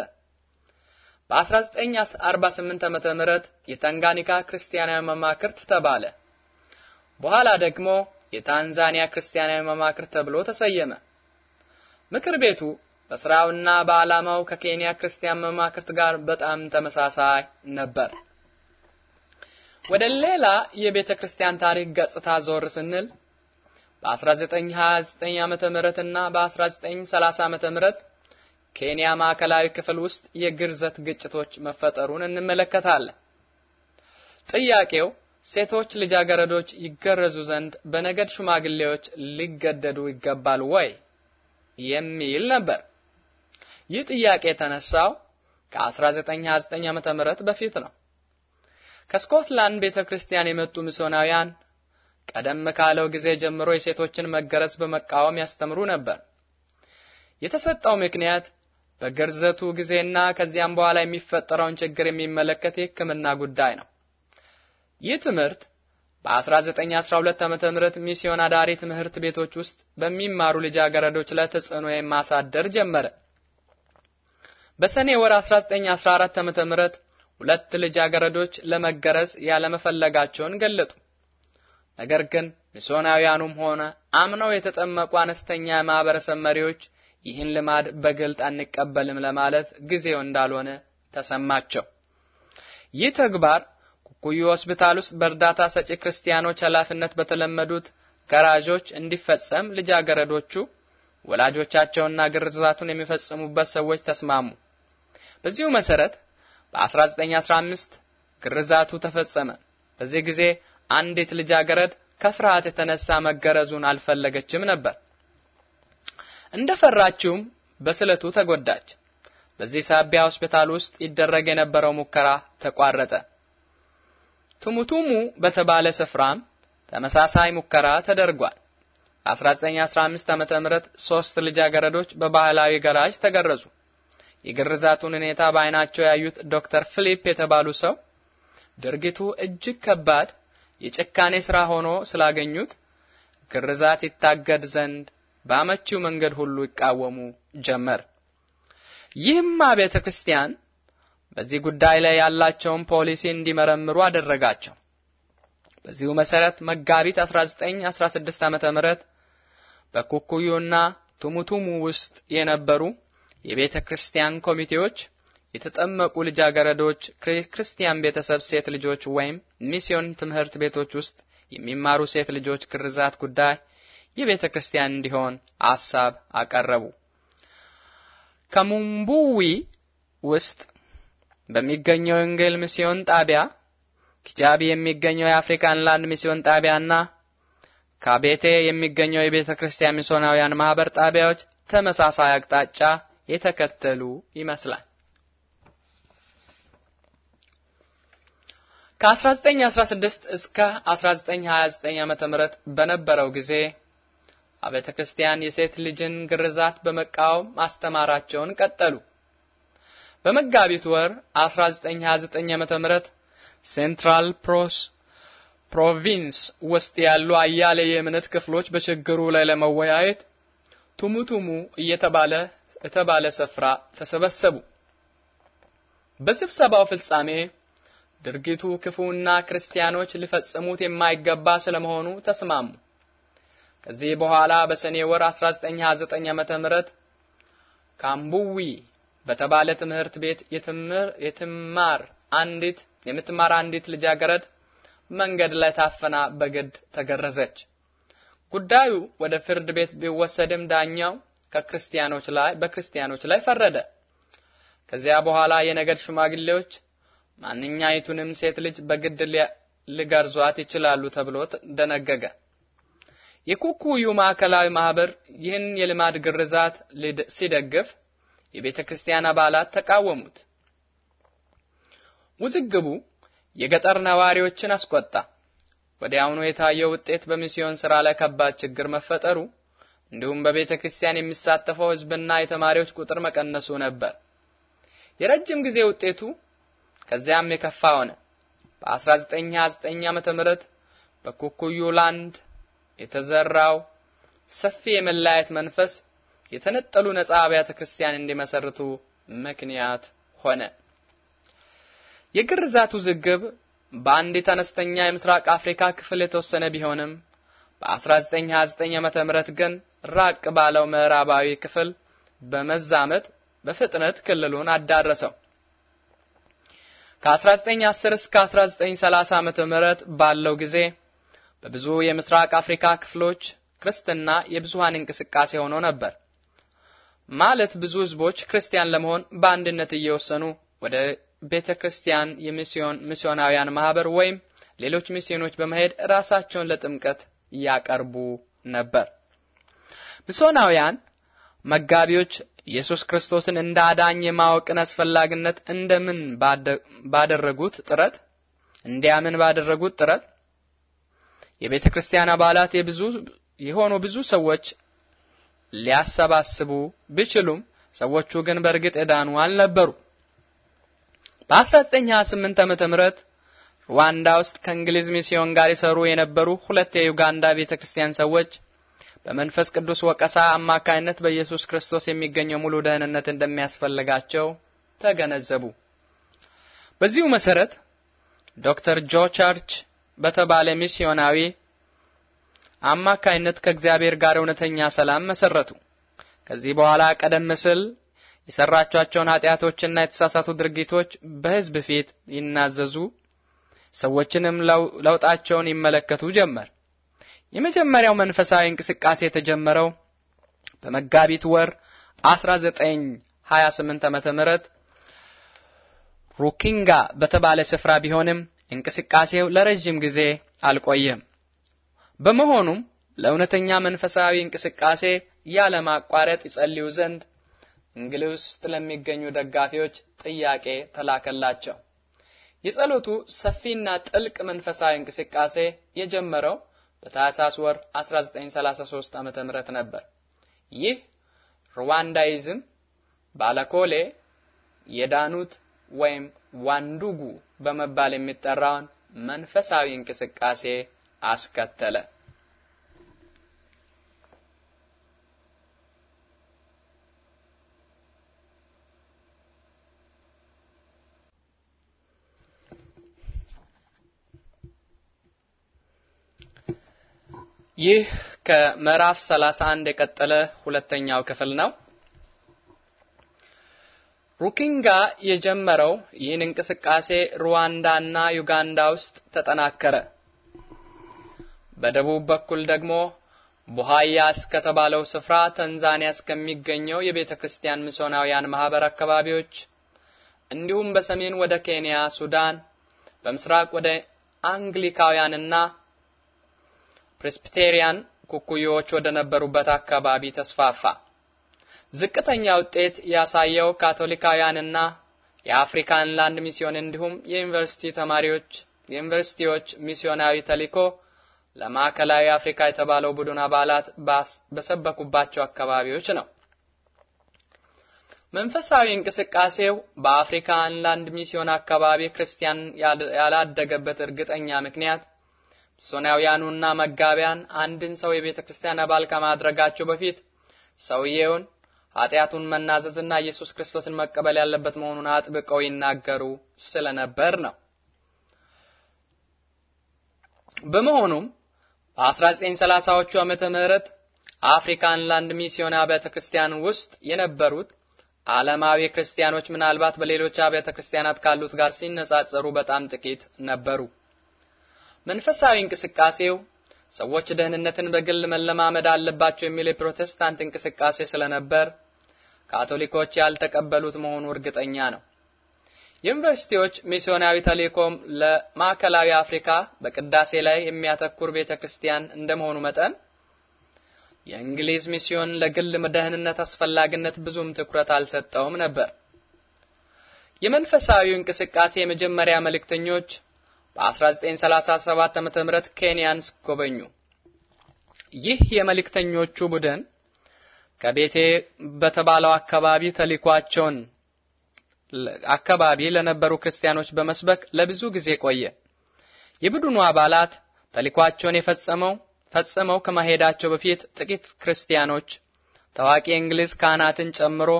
በ1948 ዓመተ ምህረት የታንጋኒካ ክርስቲያናዊ መማክርት ተባለ። በኋላ ደግሞ የታንዛኒያ ክርስቲያናዊ መማክርት ተብሎ ተሰየመ። ምክር ቤቱ በስራውና በዓላማው ከኬንያ ክርስቲያን መማክርት ጋር በጣም ተመሳሳይ ነበር። ወደ ሌላ የቤተ ክርስቲያን ታሪክ ገጽታ ዞር ስንል በ1929 ዓመተ ምህረት እና በ1930 ዓመተ ምህረት ኬንያ ማዕከላዊ ክፍል ውስጥ የግርዘት ግጭቶች መፈጠሩን እንመለከታለን። ጥያቄው ሴቶች ልጃገረዶች ይገረዙ ዘንድ በነገድ ሽማግሌዎች ሊገደዱ ይገባል ወይ የሚል ነበር። ይህ ጥያቄ የተነሳው ከ1929 ዓመተ ምህረት በፊት ነው። ከስኮትላንድ ቤተክርስቲያን የመጡ ሚስዮናውያን ቀደም ካለው ጊዜ ጀምሮ የሴቶችን መገረዝ በመቃወም ያስተምሩ ነበር። የተሰጠው ምክንያት በግርዘቱ ጊዜና ከዚያም በኋላ የሚፈጠረውን ችግር የሚመለከት የሕክምና ጉዳይ ነው። ይህ ትምህርት በ1912 ዓመተ ምህረት ሚስዮን አዳሪ ትምህርት ቤቶች ውስጥ በሚማሩ ልጃገረዶች ላይ ተጽዕኖ የማሳደር ጀመረ። በሰኔ ወር 1914 ዓመተ ምህረት ሁለት ልጃገረዶች ለመገረዝ ያለመፈለጋቸውን ገለጡ። ነገር ግን ሚስዮናውያኑም ሆነ አምነው የተጠመቁ አነስተኛ የማህበረሰብ መሪዎች ይህን ልማድ በግልጥ አንቀበልም ለማለት ጊዜው እንዳልሆነ ተሰማቸው። ይህ ተግባር ኩኩዩ ሆስፒታል ውስጥ በእርዳታ ሰጪ ክርስቲያኖች ኃላፊነት በተለመዱት ገራዦች እንዲፈጸም ልጃገረዶቹ ወላጆቻቸውና ግርዛቱን የሚፈጽሙበት ሰዎች ተስማሙ። በዚሁ መሰረት በ1915 ግርዛቱ ተፈጸመ። በዚህ ጊዜ አንዲት ልጃገረድ ከፍርሃት የተነሳ መገረዙን አልፈለገችም ነበር። እንደፈራችውም በስለቱ ተጎዳች። በዚህ ሳቢያ ሆስፒታል ውስጥ ይደረግ የነበረው ሙከራ ተቋረጠ። ቱሙቱሙ በተባለ ስፍራም ተመሳሳይ ሙከራ ተደርጓል። በ1915 ዓመተ ምህረት ሶስት ልጃገረዶች በባህላዊ ገራዥ ተገረዙ። የግርዛቱን ሁኔታ በአይናቸው ያዩት ዶክተር ፊሊፕ የተባሉ ሰው ድርጊቱ እጅግ ከባድ የጭካኔ ስራ ሆኖ ስላገኙት ግርዛት ይታገድ ዘንድ በአመቺው መንገድ ሁሉ ይቃወሙ ጀመር። ይህማ ቤተ ክርስቲያን በዚህ ጉዳይ ላይ ያላቸውን ፖሊሲ እንዲመረምሩ አደረጋቸው። በዚሁ መሰረት መጋቢት 19 16 ዓመተ ምህረት በኩኩዩና ቱሙቱሙ ውስጥ የነበሩ የቤተ ክርስቲያን ኮሚቴዎች የተጠመቁ ልጃገረዶች ክርስቲያን ቤተሰብ ሴት ልጆች ወይም ሚስዮን ትምህርት ቤቶች ውስጥ የሚማሩ ሴት ልጆች ግርዛት ጉዳይ የቤተ ክርስቲያን እንዲሆን አሳብ አቀረቡ። ከሙምቡዊ ውስጥ በሚገኘው እንግል ሚስዮን ጣቢያ ኪጃቢ የሚገኘው የአፍሪካን ላንድ ሚስዮን ጣቢያና ካቤቴ የሚገኘው የቤተ ክርስቲያን ሚስዮናውያን ማህበር ጣቢያዎች ተመሳሳይ አቅጣጫ የተከተሉ ይመስላል። ከ1916 እስከ 1929 ዓ.ም በነበረው ጊዜ አብያተ ክርስቲያን የሴት ልጅን ግርዛት በመቃወም ማስተማራቸውን ቀጠሉ። በመጋቢት ወር 1929 ዓመተ ምህረት ሴንትራል ፕሮስ ፕሮቪንስ ውስጥ ያሉ አያሌ የእምነት ክፍሎች በችግሩ ላይ ለመወያየት ቱሙቱሙ እየተባለ የተባለ ስፍራ ተሰበሰቡ። በስብሰባው ፍጻሜ ድርጊቱ ክፉና ክርስቲያኖች ሊፈጽሙት የማይገባ ስለመሆኑ ተስማሙ። ከዚህ በኋላ በሰኔ ወር 1929 ዓመተ ምህረት ካምቡዊ በተባለ ትምህርት ቤት የትማር አንዲት የምትማር አንዲት ልጃገረድ መንገድ ላይ ታፈና በግድ ተገረዘች። ጉዳዩ ወደ ፍርድ ቤት ቢወሰድም ዳኛው ከክርስቲያኖች ላይ በክርስቲያኖች ላይ ፈረደ። ከዚያ በኋላ የነገድ ሽማግሌዎች ማንኛይቱንም ሴት ልጅ በግድ ሊገርዟት ይችላሉ ተብሎ ደነገገ። የኩኩዩ ማዕከላዊ ማህበር ይህን የልማድ ግርዛት ሲደግፍ የቤተ ክርስቲያን አባላት ተቃወሙት። ውዝግቡ የገጠር ነዋሪዎችን አስቆጣ። ወዲያውኑ የታየው ውጤት በሚስዮን ስራ ላይ ከባድ ችግር መፈጠሩ እንዲሁም በቤተ ክርስቲያን የሚሳተፈው ሕዝብና የተማሪዎች ቁጥር መቀነሱ ነበር። የረጅም ጊዜ ውጤቱ ከዚያም የከፋ ሆነ። በ1929 ዓ.ም በኩኩዩ ላንድ የተዘራው ሰፊ የመለያየት መንፈስ የተነጠሉ ነጻ አብያተ ክርስቲያን እንዲመሰርቱ ምክንያት ሆነ። የግርዛቱ ውዝግብ በአንዲት አነስተኛ የምስራቅ አፍሪካ ክፍል የተወሰነ ቢሆንም በ1929 ዓመተ ምህረት ግን ራቅ ባለው ምዕራባዊ ክፍል በመዛመት በፍጥነት ክልሉን አዳረሰው። ከ1910 እስከ 1930 ዓመተ ምህረት ባለው ጊዜ በብዙ የምስራቅ አፍሪካ ክፍሎች ክርስትና የብዙሃን እንቅስቃሴ ሆኖ ነበር። ማለት ብዙ ህዝቦች ክርስቲያን ለመሆን በአንድነት እየወሰኑ ወደ ቤተ ክርስቲያን የሚስዮን ሚስዮናውያን ማህበር ወይም ሌሎች ሚስዮኖች በመሄድ ራሳቸውን ለጥምቀት ያቀርቡ ነበር። ሚስዮናውያን መጋቢዎች ኢየሱስ ክርስቶስን እንደ አዳኝ የማወቅን አስፈላጊነት እንደምን ባደረጉት ጥረት እንዲያምን ባደረጉት ጥረት የቤተ ክርስቲያን አባላት የብዙ የሆኑ ብዙ ሰዎች ሊያሰባስቡ ቢችሉም ሰዎቹ ግን በእርግጥ የዳኑ አልነበሩ። በ1928 ዓመተ ምህረት ሩዋንዳ ውስጥ ከእንግሊዝ ሚስዮን ጋር የሰሩ የነበሩ ሁለት የዩጋንዳ ቤተ ክርስቲያን ሰዎች በመንፈስ ቅዱስ ወቀሳ አማካይነት በኢየሱስ ክርስቶስ የሚገኘው ሙሉ ደህንነት እንደሚያስፈልጋቸው ተገነዘቡ። በዚሁ መሰረት ዶክተር ጆ ቸርች በተባለ ሚስዮናዊ አማካይነት ከእግዚአብሔር ጋር እውነተኛ ሰላም መሰረቱ። ከዚህ በኋላ ቀደም ሲል የሰራቿቸውን ኃጢአቶችና የተሳሳቱ ድርጊቶች በሕዝብ ፊት ይናዘዙ፣ ሰዎችንም ለውጣቸውን ይመለከቱ ጀመር። የመጀመሪያው መንፈሳዊ እንቅስቃሴ የተጀመረው በመጋቢት ወር 1928 ዓ.ም ምህረት ሩኪንጋ በተባለ ስፍራ ቢሆንም እንቅስቃሴው ለረጅም ጊዜ አልቆየም። በመሆኑም ለእውነተኛ መንፈሳዊ እንቅስቃሴ ያለማቋረጥ ይጸልዩ ዘንድ እንግሊዝ ውስጥ ለሚገኙ ደጋፊዎች ጥያቄ ተላከላቸው። የጸሎቱ ሰፊና ጥልቅ መንፈሳዊ እንቅስቃሴ የጀመረው በታህሳስ ወር 1933 ዓመተ ምህረት ነበር። ይህ ሩዋንዳይዝም ባለኮሌ የዳኑት ወይም ዋንዱጉ በመባል የሚጠራውን መንፈሳዊ እንቅስቃሴ አስከተለ። ይህ ከምዕራፍ 31 የቀጠለ ሁለተኛው ክፍል ነው። ሩኪንጋ የጀመረው ይህን እንቅስቃሴ ሩዋንዳና ዩጋንዳ ውስጥ ተጠናከረ። በደቡብ በኩል ደግሞ ቡሃያስ ከተባለው ስፍራ ታንዛኒያ እስከሚገኘው የቤተ ክርስቲያን ምሶናውያን ማህበር አካባቢዎች እንዲሁም በሰሜን ወደ ኬንያ፣ ሱዳን፣ በምስራቅ ወደ አንግሊካውያንና ፕሬስቢቴሪያን ኩኩዮች ወደ ነበሩበት አካባቢ ተስፋፋ። ዝቅተኛ ውጤት ያሳየው ካቶሊካውያንና የአፍሪካን ላንድ ሚስዮን እንዲሁም የዩኒቨርሲቲ ተማሪዎች የዩኒቨርሲቲዎች ሚስዮናዊ ተልእኮ ለማዕከላዊ አፍሪካ የተባለው ቡድን አባላት በሰበኩባቸው አካባቢዎች ነው። መንፈሳዊ እንቅስቃሴው በአፍሪካ አንላንድ ሚስዮን አካባቢ ክርስቲያን ያላደገበት እርግጠኛ ምክንያት ሚስዮናውያኑና መጋቢያን አንድን ሰው የቤተ ክርስቲያን አባል ከማድረጋቸው በፊት ሰውየውን ኃጢአቱን መናዘዝና ኢየሱስ ክርስቶስን መቀበል ያለበት መሆኑን አጥብቀው ይናገሩ ስለነበር ነው። በመሆኑም በ1930ዎቹ ዓመተ ምህረት አፍሪካን ላንድ ሚስዮን አብያተ ክርስቲያን ውስጥ የነበሩት ዓለማዊ ክርስቲያኖች ምናልባት በሌሎች አብያተ ክርስቲያናት ካሉት ጋር ሲነጻጸሩ በጣም ጥቂት ነበሩ። መንፈሳዊ እንቅስቃሴው ሰዎች ደህንነትን በግል መለማመድ አለባቸው የሚል የፕሮቴስታንት እንቅስቃሴ ስለነበር ካቶሊኮች ያልተቀበሉት መሆኑ እርግጠኛ ነው። ዩኒቨርሲቲዎች ሚስዮናዊ ተልእኮም ለማዕከላዊ አፍሪካ በቅዳሴ ላይ የሚያተኩር ቤተ ክርስቲያን እንደመሆኑ መጠን የእንግሊዝ ሚስዮን ለግል ደህንነት አስፈላጊነት ብዙም ትኩረት አልሰጠውም ነበር። የመንፈሳዊው እንቅስቃሴ የመጀመሪያ መልእክተኞች በ1937 ዓ.ም ኬንያን ጎበኙ። ይህ የመልእክተኞቹ ቡድን ከቤቴ በተባለው አካባቢ ተልኳቸውን አካባቢ ለነበሩ ክርስቲያኖች በመስበክ ለብዙ ጊዜ ቆየ። የቡድኑ አባላት ተልኳቸውን የፈጸመው ፈጽመው ከመሄዳቸው በፊት ጥቂት ክርስቲያኖች ታዋቂ የእንግሊዝ ካህናትን ጨምሮ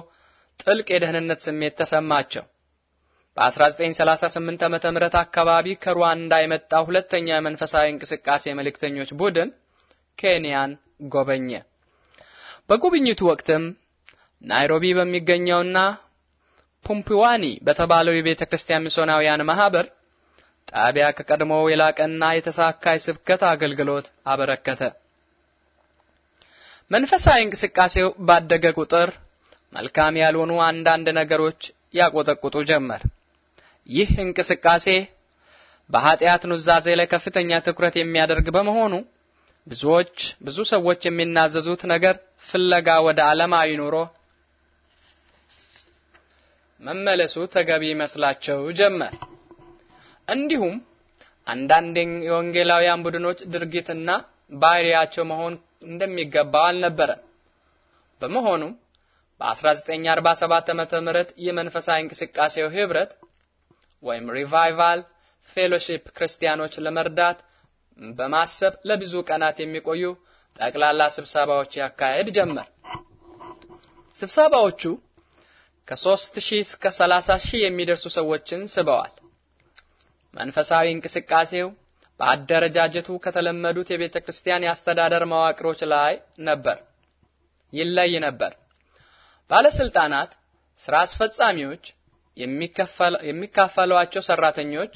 ጥልቅ የደህንነት ስሜት ተሰማቸው። በ1938 ዓ ም አካባቢ ከሩዋንዳ የመጣው ሁለተኛ የመንፈሳዊ እንቅስቃሴ መልእክተኞች ቡድን ኬንያን ጎበኘ። በጉብኝቱ ወቅትም ናይሮቢ በሚገኘውና ፑምፒዋኒ በተባለው የቤተ ክርስቲያን ሚስዮናውያን ማህበር ጣቢያ ከቀድሞው የላቀና የተሳካ ስብከት አገልግሎት አበረከተ። መንፈሳዊ እንቅስቃሴው ባደገ ቁጥር መልካም ያልሆኑ አንዳንድ ነገሮች ያቆጠቁጡ ጀመር። ይህ እንቅስቃሴ በኃጢአት ኑዛዜ ላይ ከፍተኛ ትኩረት የሚያደርግ በመሆኑ ብዙዎች ብዙ ሰዎች የሚናዘዙት ነገር ፍለጋ ወደ ዓለማዊ ኑሮ መመለሱ ተገቢ ይመስላቸው ጀመር። እንዲሁም አንዳንድ የወንጌላውያን ቡድኖች ድርጊትና ባህሪያቸው መሆን እንደሚገባው አልነበረም። በመሆኑም በ1947 ዓመተ ምህረት የመንፈሳዊ እንቅስቃሴው ህብረት ወይም ሪቫይቫል ፌሎሺፕ ክርስቲያኖች ለመርዳት በማሰብ ለብዙ ቀናት የሚቆዩ ጠቅላላ ስብሰባዎች ያካሄድ ጀመር። ስብሰባዎቹ ከ ሺህ እስከ 30000 የሚደርሱ ሰዎችን ስበዋል። መንፈሳዊ እንቅስቃሴው በአደረጃጀቱ ከተለመዱት የቤተ ክርስቲያን የአስተዳደር መዋቅሮች ላይ ነበር ይለይ ነበር። ባለስልጣናት፣ ስራ አስፈጻሚዎች፣ የሚካፈሏቸው ሰራተኞች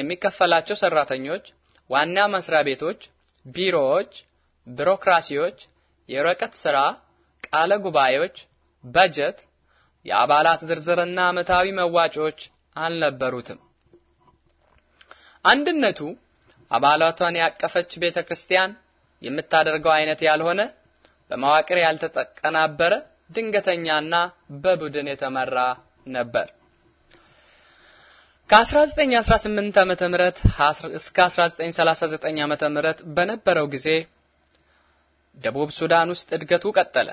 የሚከፈላቸው ሰራተኞች፣ ዋና መስሪያ ቤቶች፣ ቢሮዎች ቢሮክራሲዎች፣ የወረቀት ስራ፣ ቃለ ጉባኤዎች፣ በጀት፣ የአባላት ዝርዝርና ዓመታዊ መዋጮዎች አልነበሩትም። አንድነቱ አባላቷን ያቀፈች ቤተክርስቲያን የምታደርገው አይነት ያልሆነ በመዋቅር ያልተቀናበረ ድንገተኛና በቡድን የተመራ ነበር። ከ1918 ዓም እስከ 1939 ዓ. ምህረት በነበረው ጊዜ ደቡብ ሱዳን ውስጥ እድገቱ ቀጠለ።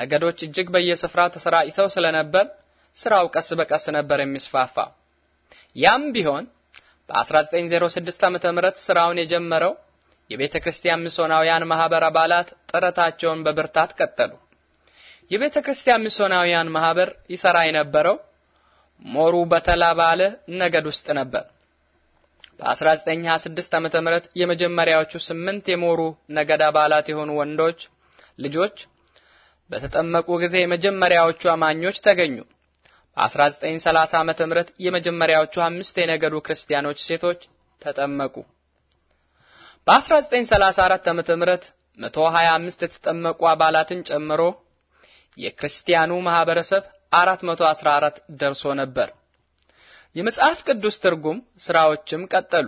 ነገዶች እጅግ በየስፍራው ተሰራጭተው ስለነበር ስራው ቀስ በቀስ ነበር የሚስፋፋው። ያም ቢሆን በ1906 ዓ.ም ምህረት ስራውን የጀመረው የቤተ ክርስቲያን ሚስዮናውያን ማህበር አባላት ጥረታቸውን በብርታት ቀጠሉ። የቤተ ክርስቲያን ሚስዮናውያን ማህበር ይሰራ የነበረው ሞሩ በተላባለ ነገድ ውስጥ ነበር። በ1926 ዓ ም የመጀመሪያዎቹ ስምንት የሞሩ ነገድ አባላት የሆኑ ወንዶች ልጆች በተጠመቁ ጊዜ የመጀመሪያዎቹ አማኞች ተገኙ። በ1930 ዓ ም የመጀመሪያዎቹ አምስት የነገዱ ክርስቲያኖች ሴቶች ተጠመቁ። በ1934 ዓ ም 125 የተጠመቁ አባላትን ጨምሮ የክርስቲያኑ ማህበረሰብ 414 ደርሶ ነበር። የመጽሐፍ ቅዱስ ትርጉም ስራዎችም ቀጠሉ።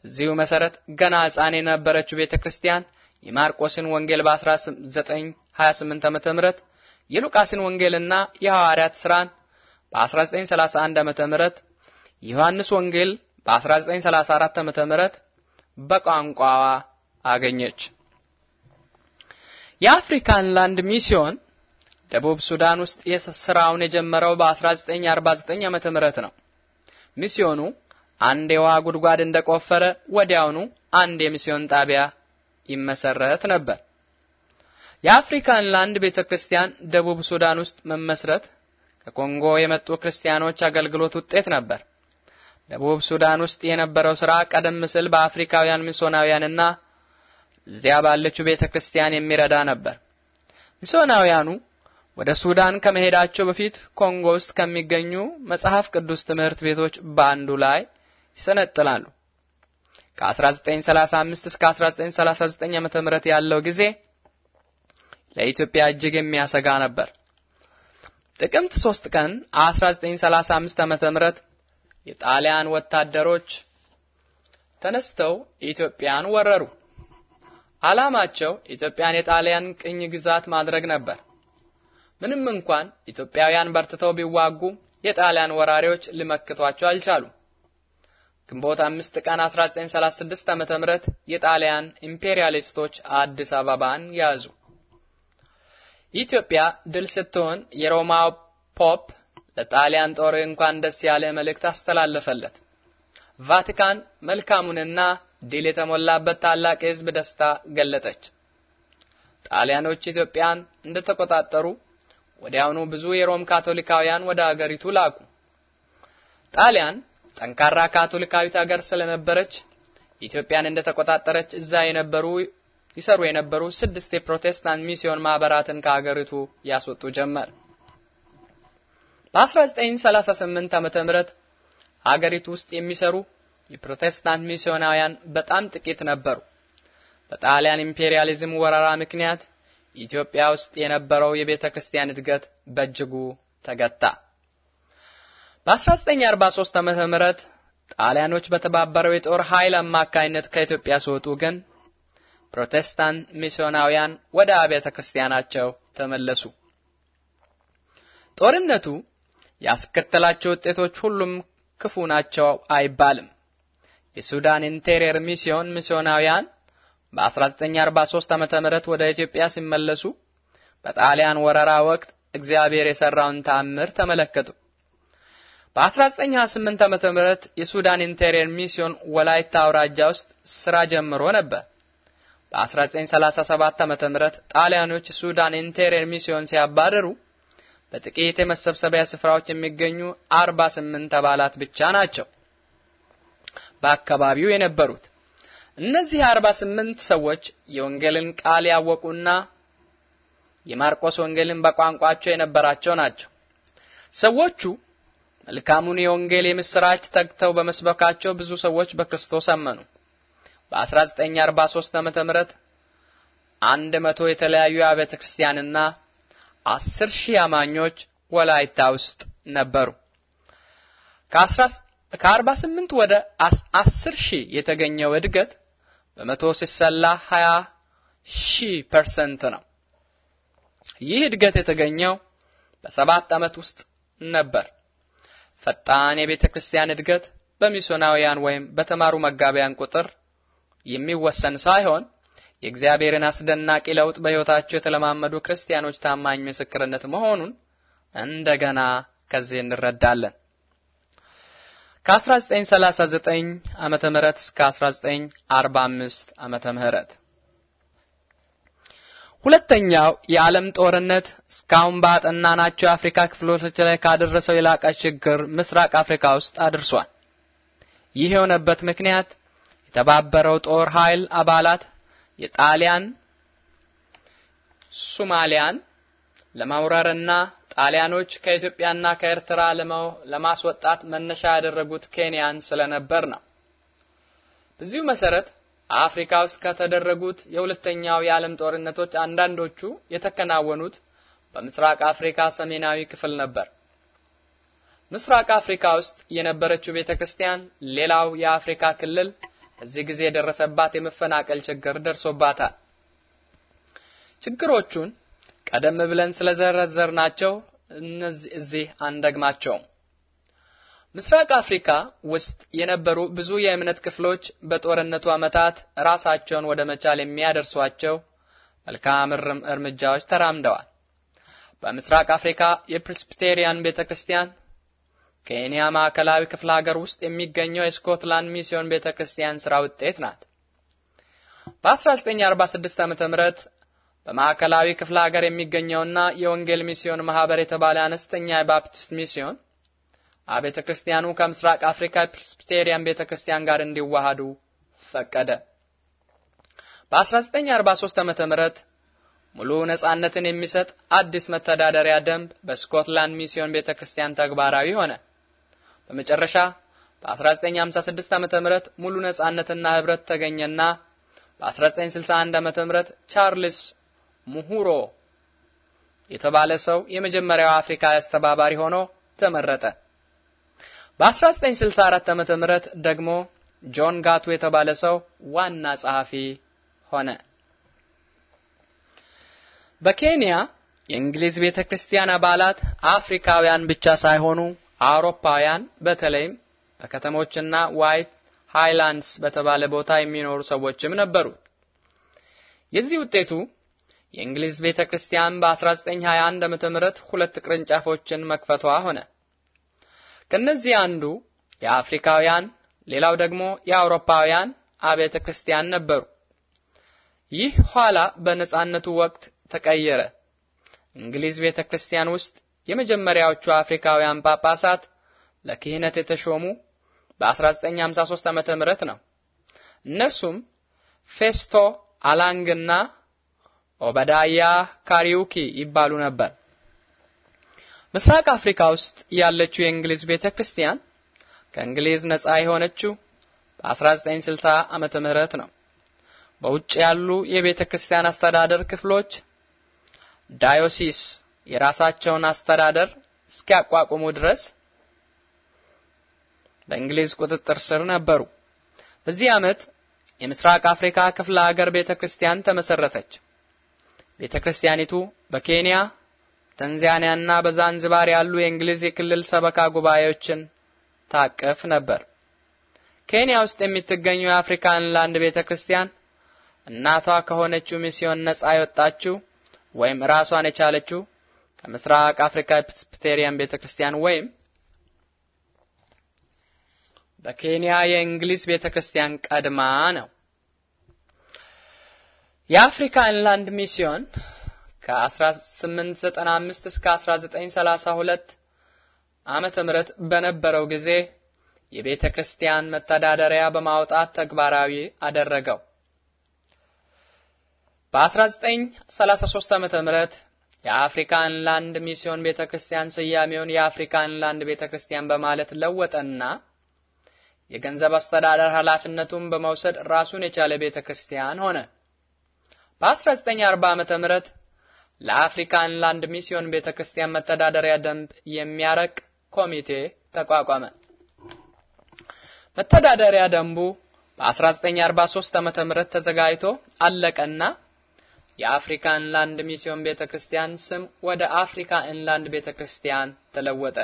በዚሁ መሰረት ገና ሕፃን የነበረችው ቤተ ክርስቲያን የማርቆስን ወንጌል በ1928 ዓ ም የሉቃስን ወንጌልና የሐዋርያት ሥራን በ1931 ዓ ም የዮሐንስ ወንጌል በ1934 ዓ ም በቋንቋዋ አገኘች። የአፍሪካን ላንድ ሚስዮን ደቡብ ሱዳን ውስጥ ስራውን የጀመረው በ1949 ዓ ም ነው። ሚስዮኑ አንድ የውሃ ጉድጓድ እንደቆፈረ ወዲያውኑ አንድ የሚስዮን ጣቢያ ይመሰረት ነበር። የአፍሪካን ላንድ ቤተክርስቲያን ደቡብ ሱዳን ውስጥ መመስረት ከኮንጎ የመጡ ክርስቲያኖች አገልግሎት ውጤት ነበር። ደቡብ ሱዳን ውስጥ የነበረው ስራ ቀደም ሲል በአፍሪካውያን ሚስዮናውያንና እዚያ ባለችው ቤተክርስቲያን የሚረዳ ነበር። ሚስዮናውያኑ ወደ ሱዳን ከመሄዳቸው በፊት ኮንጎ ውስጥ ከሚገኙ መጽሐፍ ቅዱስ ትምህርት ቤቶች በአንዱ ላይ ይሰነጥላሉ። ከ1935 እስከ 1939 ዓም ምህረት ያለው ጊዜ ለኢትዮጵያ እጅግ የሚያሰጋ ነበር። ጥቅምት 3 ቀን 1935 ዓ.ም ምህረት የጣሊያን ወታደሮች ተነስተው ኢትዮጵያን ወረሩ። ዓላማቸው ኢትዮጵያን የጣሊያን ቅኝ ግዛት ማድረግ ነበር። ምንም እንኳን ኢትዮጵያውያን በርትተው ቢዋጉ የጣሊያን ወራሪዎች ሊመክቷቸው አልቻሉም። ግንቦት 5 ቀን 1936 ዓመተ ምህረት የጣሊያን ኢምፔሪያሊስቶች አዲስ አበባን ያዙ። ኢትዮጵያ ድል ስትሆን የሮማ ፖፕ ለጣሊያን ጦር እንኳን ደስ ያለ መልእክት አስተላለፈለት። ቫቲካን መልካሙንና ድል የተሞላበት ታላቅ የሕዝብ ደስታ ገለጠች። ጣሊያኖች ኢትዮጵያን እንደተቆጣጠሩ ወዲያውኑ ብዙ የሮም ካቶሊካውያን ወደ አገሪቱ ላኩ። ጣሊያን ጠንካራ ካቶሊካዊት አገር ስለነበረች ኢትዮጵያን እንደተቆጣጠረች እዛ የነበሩ ይሰሩ የነበሩ ስድስት የፕሮቴስታንት ሚስዮን ማህበራትን ከአገሪቱ ያስወጡ ጀመር። በ1938 ዓመተ ምህረት አገሪቱ ውስጥ የሚሰሩ የፕሮቴስታንት ሚስዮናውያን በጣም ጥቂት ነበሩ። በጣሊያን ኢምፔሪያሊዝም ወረራ ምክንያት ኢትዮጵያ ውስጥ የነበረው የቤተ ክርስቲያን እድገት በእጅጉ ተገታ። በ1943 ዓመተ ምህረት ጣሊያኖች በተባበረው የጦር ኃይል አማካይነት ከኢትዮጵያ ሲወጡ ግን ፕሮቴስታንት ሚስዮናውያን ወደ አብያተ ክርስቲያናቸው ተመለሱ። ጦርነቱ ያስከተላቸው ውጤቶች ሁሉም ክፉ ናቸው አይባልም። የሱዳን ኢንቴሪየር ሚስዮን ሚስዮናውያን በ1943 ዓመተ ምህረት ወደ ኢትዮጵያ ሲመለሱ በጣሊያን ወረራ ወቅት እግዚአብሔር የሰራውን ታምር ተመለከቱ። በ1928 ዓመተ የሱዳን ኢንቴሪየር ሚስዮን ወላይታ አውራጃ ውስጥ ስራ ጀምሮ ነበር። በ1937 ዓመተ ምህረት ጣሊያኖች ሱዳን ኢንቴሪየር ሚስዮን ሲያባረሩ በጥቂት የመሰብሰቢያ ስፍራዎች የሚገኙ 48 አባላት ብቻ ናቸው በአካባቢው የነበሩት። እነዚህ 48 ሰዎች የወንጌልን ቃል ያወቁና የማርቆስ ወንጌልን በቋንቋቸው የነበራቸው ናቸው። ሰዎቹ መልካሙን የወንጌል የምስራች ተግተው በመስበካቸው ብዙ ሰዎች በክርስቶስ አመኑ። በ1943 ዓመተ ምህረት 100 መቶ የተለያዩ አብያተ ክርስቲያንና 10 ሺህ አማኞች ወላይታ ውስጥ ነበሩ። ከ48 ወደ 10 ሺህ የተገኘው እድገት በመቶ ሲሰላ 20 ሺህ ፐርሰንት ነው። ይህ እድገት የተገኘው በሰባት ዓመት ውስጥ ነበር። ፈጣን የቤተ ክርስቲያን እድገት በሚስዮናውያን ወይም በተማሩ መጋቢያን ቁጥር የሚወሰን ሳይሆን የእግዚአብሔርን አስደናቂ ለውጥ በሕይወታቸው የተለማመዱ ክርስቲያኖች ታማኝ ምስክርነት መሆኑን እንደገና ከዚህ እንረዳለን። ከ1939 ዓመተ እስከ 1945 ዓመተ ሁለተኛው የዓለም ጦርነት እስካሁን ባጠናናቸው የአፍሪካ ክፍሎች ላይ ካደረሰው የላቀ ችግር ምስራቅ አፍሪካ ውስጥ አድርሷል። ይህ የሆነበት ምክንያት የተባበረው ጦር ኃይል አባላት የጣሊያን ሱማሊያን ለማውረርና ጣሊያኖች ከኢትዮጵያና ከኤርትራ ለማስወጣት መነሻ ያደረጉት ኬንያን ስለነበር ነው። በዚሁ መሰረት አፍሪካ ውስጥ ከተደረጉት የሁለተኛው የዓለም ጦርነቶች አንዳንዶቹ የተከናወኑት በምስራቅ አፍሪካ ሰሜናዊ ክፍል ነበር። ምስራቅ አፍሪካ ውስጥ የነበረችው ቤተክርስቲያን ሌላው የአፍሪካ ክልል በዚህ ጊዜ የደረሰባት የመፈናቀል ችግር ደርሶባታል። ችግሮቹን ቀደም ብለን ስለዘረዘርናቸው እነዚህ እዚህ አንደግማቸውም። ምስራቅ አፍሪካ ውስጥ የነበሩ ብዙ የእምነት ክፍሎች በጦርነቱ ዓመታት ራሳቸውን ወደ መቻል የሚያደርሷቸው መልካም እርምጃዎች ተራምደዋል። በምስራቅ አፍሪካ የፕሬስቢቴሪያን ክርስቲያን ኬንያ ማዕከላዊ ክፍለ ሀገር ውስጥ የሚገኘው የስኮትላንድ ሚስዮን ቤተክርስቲያን ስራ ውጤት ናት። በ1946 ም በማዕከላዊ ክፍለ ሀገር የሚገኘውና የወንጌል ሚስዮን ማህበር የተባለ አነስተኛ የባፕቲስት ሚስዮን አቤተ ክርስቲያኑ ከምስራቅ አፍሪካ ፕሬስቢቴሪያን ቤተ ክርስቲያን ጋር እንዲዋሃዱ ፈቀደ። በ1943 ዓመተ ምህረት ሙሉ ነጻነትን የሚሰጥ አዲስ መተዳደሪያ ደንብ በስኮትላንድ ሚስዮን ቤተ ክርስቲያን ተግባራዊ ሆነ። በመጨረሻ በ1956 ዓመተ ምህረት ሙሉ ነጻነትና ህብረት ተገኘና በ1961 ዓመተ ምህረት ቻርልስ ሙሁሮ የተባለ ሰው የመጀመሪያው አፍሪካ አስተባባሪ ሆኖ ተመረጠ። በ1964 ዓመተ ምህረት ደግሞ ጆን ጋቱ የተባለ ሰው ዋና ጸሐፊ ሆነ። በኬንያ የእንግሊዝ ቤተ ክርስቲያን አባላት አፍሪካውያን ብቻ ሳይሆኑ አውሮፓውያን በተለይም በከተሞችና ዋይት ሃይላንድስ በተባለ ቦታ የሚኖሩ ሰዎችም ነበሩ። የዚህ ውጤቱ የእንግሊዝ ቤተ ክርስቲያን በ1921 ዓመተ ምህረት ሁለት ቅርንጫፎችን መክፈቷ ሆነ። ከነዚህ አንዱ የአፍሪካውያን ሌላው ደግሞ የአውሮፓውያን አብያተ ክርስቲያን ነበሩ። ይህ ኋላ በነጻነቱ ወቅት ተቀየረ። እንግሊዝ ቤተ ክርስቲያን ውስጥ የመጀመሪያዎቹ አፍሪካውያን ጳጳሳት ለክህነት የተሾሙ በ1953 ዓመተ ምህረት ነው። እነርሱም ፌስቶ አላንግና ኦበዳያ ካሪውኪ ይባሉ ነበር። ምስራቅ አፍሪካ ውስጥ ያለችው የእንግሊዝ ቤተ ክርስቲያን ከእንግሊዝ ነጻ የሆነችው በ1960 ዓመተ ምህረት ነው። በውጭ ያሉ የቤተ ክርስቲያን አስተዳደር ክፍሎች ዳዮሲስ የራሳቸውን አስተዳደር እስኪያቋቁሙ ድረስ በእንግሊዝ ቁጥጥር ስር ነበሩ። በዚህ ዓመት የምስራቅ አፍሪካ ክፍለ ሀገር ቤተ ክርስቲያን ተመሰረተች። ቤተ ክርስቲያኒቱ በኬንያ ታንዛኒያና በዛንዚባር ያሉ የእንግሊዝ የክልል ሰበካ ጉባኤዎችን ታቅፍ ነበር። ኬንያ ውስጥ የምትገኘው የአፍሪካን ላንድ ቤተ ክርስቲያን እናቷ ከሆነችው ሚስዮን ነጻ የወጣችው ወይም ራሷን የቻለችው ከምስራቅ አፍሪካ ፕሬስቢቴሪያን ቤተ ክርስቲያን ወይም በኬንያ የእንግሊዝ ቤተ ክርስቲያን ቀድማ ነው። የአፍሪካ ኢንላንድ ሚስዮን ከ1895 እስከ 1932 ዓመተ ምህረት በነበረው ጊዜ የቤተ ክርስቲያን መተዳደሪያ በማውጣት ተግባራዊ አደረገው። በ1933 ዓመተ ምህረት የአፍሪካ ኢንላንድ ሚስዮን ቤተ ክርስቲያን ስያሜውን የአፍሪካ ኢንላንድ ቤተ ክርስቲያን በማለት ለወጠና የገንዘብ አስተዳደር ኃላፊነቱን በመውሰድ ራሱን የቻለ ቤተ ክርስቲያን ሆነ። በ1940 ዓመተ ምህረት ለአፍሪካ ኢንላንድ ሚስዮን ቤተክርስቲያን መተዳደሪያ ደንብ የሚያረቅ ኮሚቴ ተቋቋመ። መተዳደሪያ ደንቡ በ1943 ዓመተ ምህረት ተዘጋጅቶ አለቀና የአፍሪካ ኢንላንድ ሚስዮን ቤተክርስቲያን ስም ወደ አፍሪካ ኢንላንድ ቤተክርስቲያን ተለወጠ።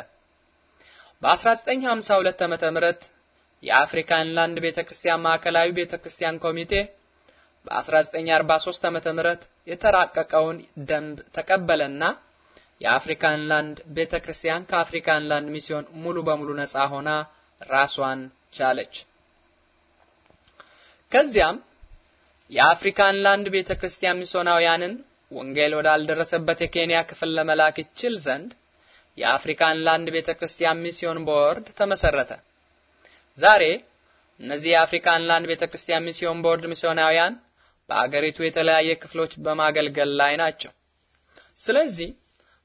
በ1952 ዓመተ ምህረት የአፍሪካ ኢንላንድ ቤተክርስቲያን ማዕከላዊ ቤተክርስቲያን ኮሚቴ በ1943 ዓመተ ምህረት የተራቀቀውን ደንብ ተቀበለና ላንድ ቤተክርስቲያን ከአፍሪካንላንድ ሚስዮን ሙሉ በሙሉ ነፃ ሆና ራሷን ቻለች። ከዚያም የአፍሪካን ላንድ ቤተክርስቲያን ሚስዮናውያንን ወንጌል ወዳልደረሰበት የኬንያ ክፍል ለመላክ ይችል ዘንድ ላንድ ቤተክርስቲያን ሚስዮን ቦርድ ተመሰረተ። ዛሬ እነዚህ ላንድ ቤተክርስቲያን ሚስዮን ቦርድ ሚስዮናውያን በአገሪቱ የተለያየ ክፍሎች በማገልገል ላይ ናቸው። ስለዚህ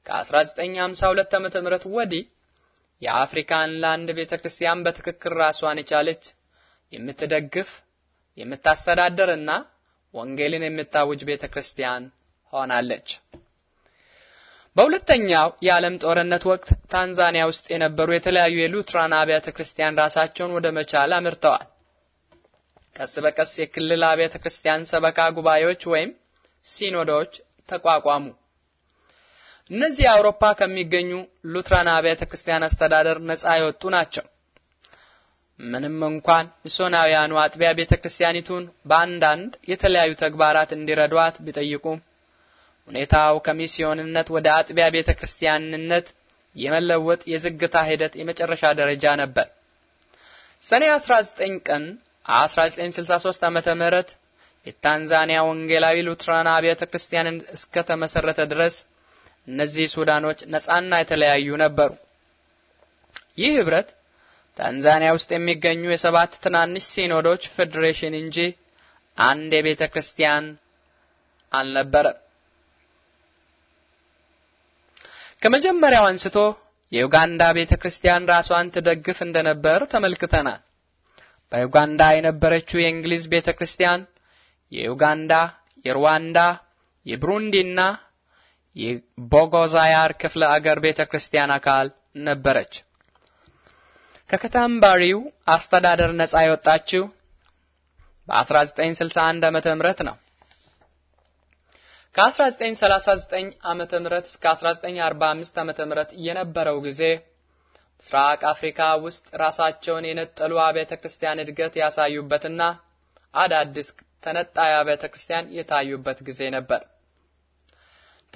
ከ1952 ዓመተ ምህረት ወዲህ የአፍሪካን ላንድ ቤተክርስቲያን በትክክል ራሷን የቻለች የምትደግፍ የምታስተዳደርና ወንጌልን የምታውጅ ቤተክርስቲያን ሆናለች። በሁለተኛው የዓለም ጦርነት ወቅት ታንዛኒያ ውስጥ የነበሩ የተለያዩ የሉትራን አብያተ ክርስቲያን ራሳቸውን ወደ መቻል አምርተዋል። ቀስ በቀስ የክልል አብያተ ክርስቲያን ሰበካ ጉባኤዎች ወይም ሲኖዶች ተቋቋሙ። እነዚህ አውሮፓ ከሚገኙ ሉትራን አብያተ ክርስቲያን አስተዳደር ነጻ የወጡ ናቸው። ምንም እንኳን ሚስዮናውያኑ አጥቢያ ቤተ ክርስቲያኒቱን በአንዳንድ የተለያዩ ተግባራት እንዲረዷት ቢጠይቁም ሁኔታው ከሚስዮንነት ወደ አጥቢያ ቤተ ክርስቲያንነት የመለወጥ የዝግታ ሂደት የመጨረሻ ደረጃ ነበር። ሰኔ 19 ቀን 1963 ዓመተ ምህረት የታንዛኒያ ወንጌላዊ ሉትራን አብያተ እስከ ተመሰረተ ድረስ እነዚህ ሱዳኖች ነጻና የተለያዩ ነበሩ። ይህ ህብረት ታንዛኒያ ውስጥ የሚገኙ የሰባት ትናንሽ ሲኖዶች ፌዴሬሽን እንጂ አንድ የቤተ ክርስቲያን አልነበረም። ከመጀመሪያው አንስቶ የኡጋንዳ ቤተ ክርስቲያን ራሷን ትደግፍ እንደነበር ተመልክተናል። በዩጋንዳ የነበረችው የእንግሊዝ ቤተ ክርስቲያን የዩጋንዳ፣ የሩዋንዳ፣ የብሩንዲና የቦጎዛያር ክፍለ አገር ቤተ ክርስቲያን አካል ነበረች። ከከታምባሪው አስተዳደር ነጻ የወጣችው በ1961 ዓመተ ምህረት ነው። ከ1939 ዓመተ ምህረት እስከ 1945 ዓመተ ምህረት የነበረው ጊዜ ምስራቅ አፍሪካ ውስጥ ራሳቸውን የነጠሉ አብያተ ክርስቲያን እድገት ያሳዩበትና አዳዲስ ተነጣይ አብያተ ክርስቲያን የታዩበት ጊዜ ነበር።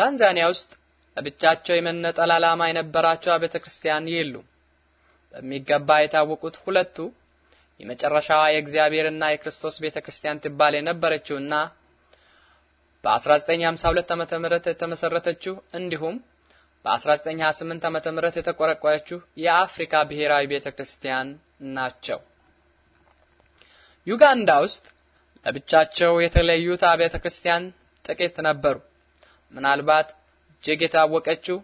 ታንዛኒያ ውስጥ ለብቻቸው የመነጠል ዓላማ የነበራቸው አብያተ ክርስቲያን የሉ። በሚገባ የታወቁት ሁለቱ የመጨረሻዋ የእግዚአብሔርና የክርስቶስ ቤተ ክርስቲያን ትባል የነበረችውና በ1952 ዓ.ም ምህረት የተመሰረተችው እንዲሁም በ1928 ዓመተ ምህረት የተቆረቆረችው የአፍሪካ ብሔራዊ ቤተክርስቲያን ናቸው። ዩጋንዳ ውስጥ ለብቻቸው የተለዩት አብያተ ክርስቲያን ጥቂት ነበሩ። ምናልባት እጅግ የታወቀችው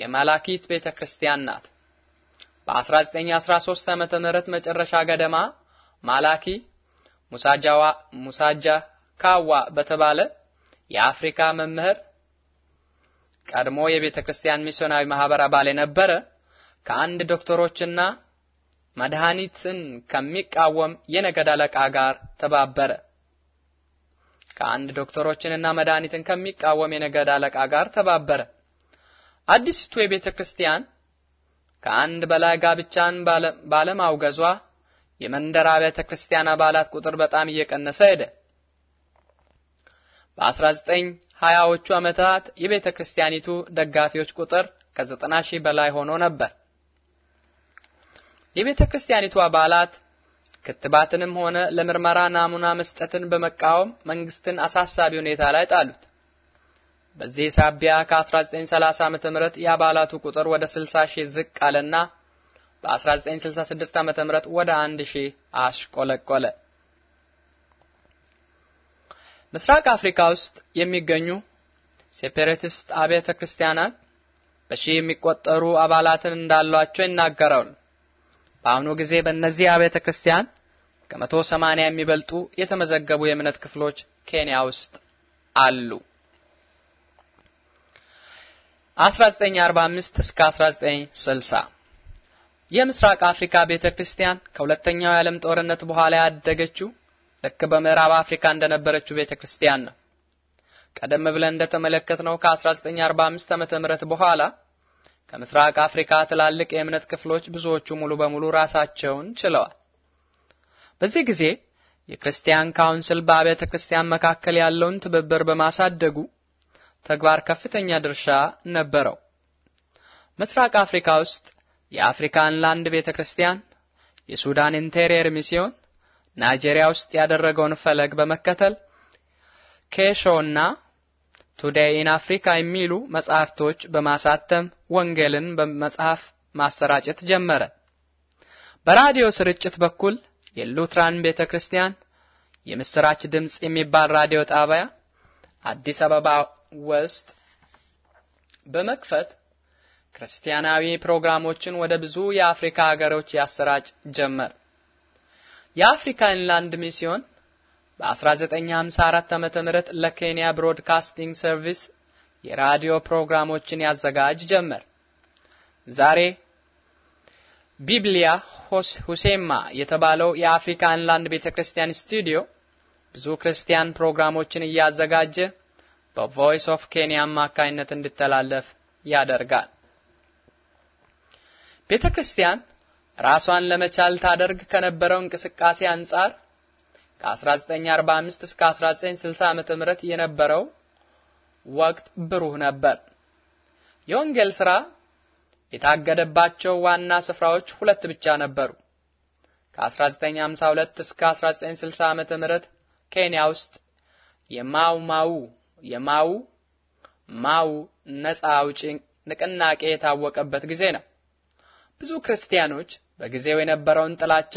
የማላኪት ቤተክርስቲያን ናት። በ1913 ዓመተ ምህረት መጨረሻ ገደማ ማላኪ ሙሳጃዋ ሙሳጃ ካዋ በተባለ የአፍሪካ መምህር ቀድሞ የቤተ ክርስቲያን ሚስዮናዊ ማህበር አባል የነበረ ከአንድ ዶክተሮችና መድኃኒትን ከሚቃወም የነገድ አለቃ ጋር ተባበረ። ከአንድ ዶክተሮችንና መድኃኒትን ከሚቃወም የነገድ አለቃ ጋር ተባበረ። አዲስቱ የቤተ ክርስቲያን ከአንድ በላይ ጋብቻን ባለማውገዟ የመንደር አብያተ ክርስቲያን አባላት ቁጥር በጣም እየቀነሰ ሄደ። በ19 ሀያዎቹ ዓመታት የቤተ ክርስቲያኒቱ ደጋፊዎች ቁጥር ከዘጠና ሺህ በላይ ሆኖ ነበር። የቤተ ክርስቲያኒቱ አባላት ክትባትንም ሆነ ለምርመራ ናሙና መስጠትን በመቃወም መንግስትን አሳሳቢ ሁኔታ ላይ ጣሉት። በዚህ ሳቢያ ከ1930 ም የአባላቱ ቁጥር ወደ 60 ሺህ ዝቅ አለና በ1966 ም ወደ 1 ሺህ አሽቆለቆለ። ምስራቅ አፍሪካ ውስጥ የሚገኙ ሴፐሬቲስት አብያተ ክርስቲያናት በሺህ የሚቆጠሩ አባላትን እንዳሏቸው ይናገራሉ። በአሁኑ ጊዜ በእነዚህ አብያተ ክርስቲያን ከመቶ ሰማንያ የሚበልጡ የተመዘገቡ የእምነት ክፍሎች ኬንያ ውስጥ አሉ። 1945 እስከ 1960 የምስራቅ አፍሪካ ቤተ ክርስቲያን ከሁለተኛው የዓለም ጦርነት በኋላ ያደገችው ልክ በምዕራብ አፍሪካ እንደነበረችው ቤተክርስቲያን ነው። ቀደም ብለን እንደተመለከትነው ከ1945 ዓመተ ምህረት በኋላ ከምስራቅ አፍሪካ ትላልቅ የእምነት ክፍሎች ብዙዎቹ ሙሉ በሙሉ ራሳቸውን ችለዋል። በዚህ ጊዜ የክርስቲያን ካውንስል በአብያተ ክርስቲያን መካከል ያለውን ትብብር በማሳደጉ ተግባር ከፍተኛ ድርሻ ነበረው። ምስራቅ አፍሪካ ውስጥ የአፍሪካን ላንድ ቤተ ክርስቲያን፣ የሱዳን ኢንቴሪየር ሚስዮን፣ ናይጄሪያ ውስጥ ያደረገውን ፈለግ በመከተል ኬሾና ቱዴይ ኢን አፍሪካ የሚሉ መጽሐፍቶች በማሳተም ወንጌልን በመጽሐፍ ማሰራጨት ጀመረ። በራዲዮ ስርጭት በኩል የሉትራን ቤተክርስቲያን የምስራች ድምጽ የሚባል ራዲዮ ጣቢያ አዲስ አበባ ውስጥ በመክፈት ክርስቲያናዊ ፕሮግራሞችን ወደ ብዙ የአፍሪካ ሀገሮች ያሰራጭ ጀመር። የአፍሪካ ኢንላንድ ሚስዮን በ1954 ዓመተ ምህረት ለኬንያ ብሮድካስቲንግ ሰርቪስ የራዲዮ ፕሮግራሞችን ያዘጋጅ ጀመር። ዛሬ ቢብሊያ ሁሴማ የተባለው የአፍሪካ ኢንላንድ ቤተክርስቲያን ስቱዲዮ ብዙ ክርስቲያን ፕሮግራሞችን እያዘጋጀ በቮይስ ኦፍ ኬንያ አማካኝነት እንዲተላለፍ ያደርጋል። ቤተክርስቲያን ራሷን ለመቻል ታደርግ ከነበረው እንቅስቃሴ አንጻር ከ1945 እስከ 1960 ዓመተ ምህረት የነበረው ወቅት ብሩህ ነበር። የወንጌል ሥራ የታገደባቸው ዋና ስፍራዎች ሁለት ብቻ ነበሩ። ከ1952 እስከ 1960 ዓመተ ምህረት ኬንያ ውስጥ የማው ማው የማው ማው ነፃ አውጪ ንቅናቄ የታወቀበት ጊዜ ነው። ብዙ ክርስቲያኖች በጊዜው የነበረውን ጥላቻ፣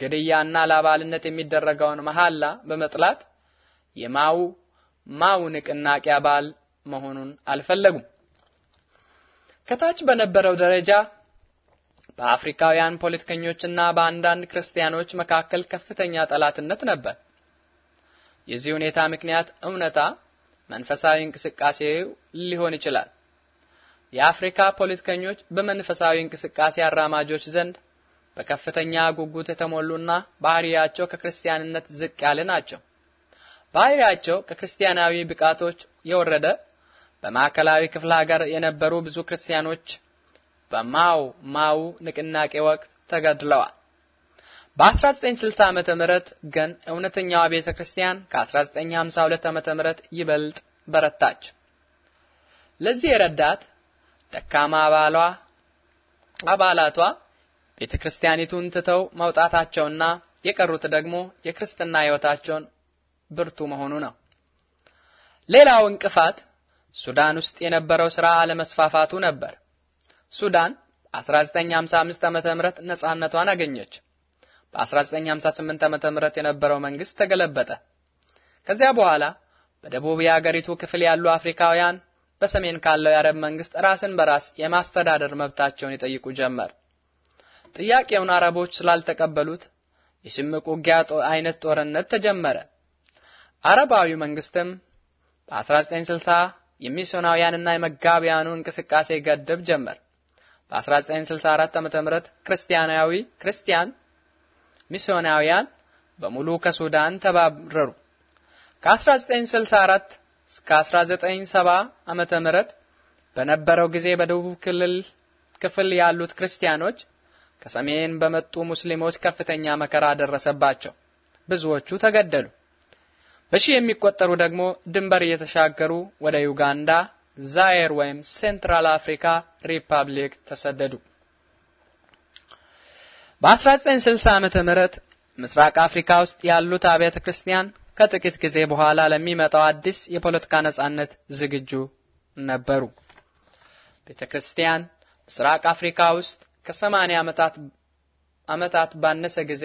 ግድያና ለአባልነት የሚደረገውን መሐላ በመጥላት የማው ማው ንቅናቄ አባል መሆኑን አልፈለጉም። ከታች በነበረው ደረጃ በአፍሪካውያን ፖለቲከኞችና በአንዳንድ ክርስቲያኖች መካከል ከፍተኛ ጠላትነት ነበር። የዚህ ሁኔታ ምክንያት እውነታ መንፈሳዊ እንቅስቃሴው ሊሆን ይችላል። የአፍሪካ ፖለቲከኞች በመንፈሳዊ እንቅስቃሴ አራማጆች ዘንድ በከፍተኛ ጉጉት የተሞሉና ባህሪያቸው ከክርስቲያንነት ዝቅ ያለ ናቸው። ባህሪያቸው ከክርስቲያናዊ ብቃቶች የወረደ በማዕከላዊ ክፍለ ሀገር የነበሩ ብዙ ክርስቲያኖች በማው ማው ንቅናቄ ወቅት ተገድለዋል። በ1960 ዓመተ ምህረት ግን እውነተኛዋ ቤተ ክርስቲያን ከ1952 ዓመተ ምህረት ይበልጥ በረታች። ለዚህ የረዳት ደካማ አባሏ አባላቷ ቤተ ክርስቲያኒቱን ትተው መውጣታቸውና የቀሩት ደግሞ የክርስትና ሕይወታቸውን ብርቱ መሆኑ ነው። ሌላው እንቅፋት ሱዳን ውስጥ የነበረው ሥራ አለመስፋፋቱ ነበር። ሱዳን በ1955 ዓ.ም ምህረት ነጻነቷን አገኘች። በ1958 ዓ.ም ምህረት የነበረው መንግስት ተገለበጠ። ከዚያ በኋላ በደቡብ የአገሪቱ ክፍል ያሉ አፍሪካውያን በሰሜን ካለው የአረብ መንግስት ራስን በራስ የማስተዳደር መብታቸውን ይጠይቁ ጀመር። ጥያቄውን አረቦች ስላልተቀበሉት የሽምቅ ውጊያ አይነት ጦርነት ተጀመረ። አረባዊ መንግስትም በ1960 የሚስዮናውያንና የመጋቢያኑ እንቅስቃሴ ገደብ ጀመር። በ1964 ዓ.ም ክርስቲያናዊ ክርስቲያን ሚስዮናውያን በሙሉ ከሱዳን ተባረሩ። ከ1964 እስከ 1970 ዓመተ ምህረት በነበረው ጊዜ በደቡብ ክልል ክፍል ያሉት ክርስቲያኖች ከሰሜን በመጡ ሙስሊሞች ከፍተኛ መከራ ደረሰባቸው። ብዙዎቹ ተገደሉ። በሺ የሚቆጠሩ ደግሞ ድንበር እየተሻገሩ ወደ ዩጋንዳ፣ ዛየር ወይም ሴንትራል አፍሪካ ሪፐብሊክ ተሰደዱ። በ1960 ዓመተ ምህረት ምስራቅ አፍሪካ ውስጥ ያሉት አብያተ ክርስቲያን ከጥቂት ጊዜ በኋላ ለሚመጣው አዲስ የፖለቲካ ነጻነት ዝግጁ ነበሩ። ቤተ ክርስቲያን ምስራቅ አፍሪካ ውስጥ ከ80 ዓመታት ዓመታት ባነሰ ጊዜ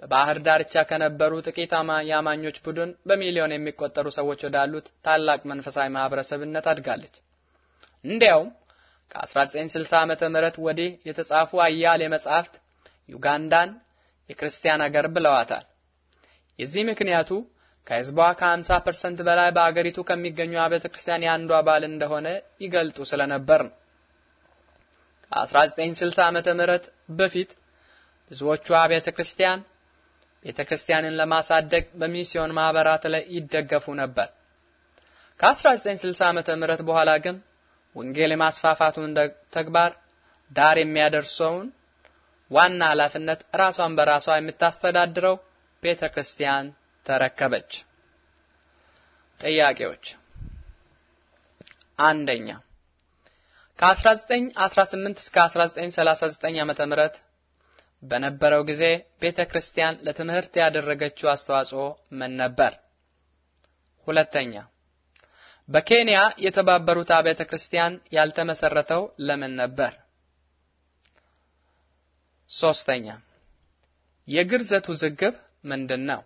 በባህር ዳርቻ ከነበሩ ጥቂት የአማኞች ቡድን በሚሊዮን የሚቆጠሩ ሰዎች ወዳሉት ታላቅ መንፈሳዊ ማህበረሰብነት አድጋለች። እንዲያውም ከ1960 ዓመተ ምህረት ወዲህ የተጻፉ አያሌ መጻሕፍት ዩጋንዳን የክርስቲያን አገር ብለዋታል። የዚህ ምክንያቱ ከህዝቧ ከ50 ፐርሰንት በላይ በአገሪቱ ከሚገኙ አብያተ ክርስቲያን የአንዱ አባል እንደሆነ ይገልጡ ስለነበር ነው። ከ1960 ዓመተ ምህረት በፊት ብዙዎቹ አብያተ ክርስቲያን ቤተ ክርስቲያንን ለማሳደግ በሚስዮን ማህበራት ላይ ይደገፉ ነበር። ከ1960 ዓመተ ምህረት በኋላ ግን ወንጌል የማስፋፋቱን ተግባር ዳር የሚያደርሰውን ዋና ኃላፊነት ራሷን በራሷ የምታስተዳድረው ቤተ ክርስቲያን ተረከበች። ጥያቄዎች አንደኛ ከ1918 እስከ 1939 ዓመተ ምህረት በነበረው ጊዜ ቤተክርስቲያን ለትምህርት ያደረገችው አስተዋጽኦ ምን ነበር? ሁለተኛ በኬንያ የተባበሩት አብያተ ክርስቲያን ያልተመሰረተው ለምን ነበር? ሶስተኛ የግርዘቱ ውዝግብ ምንድን ነው?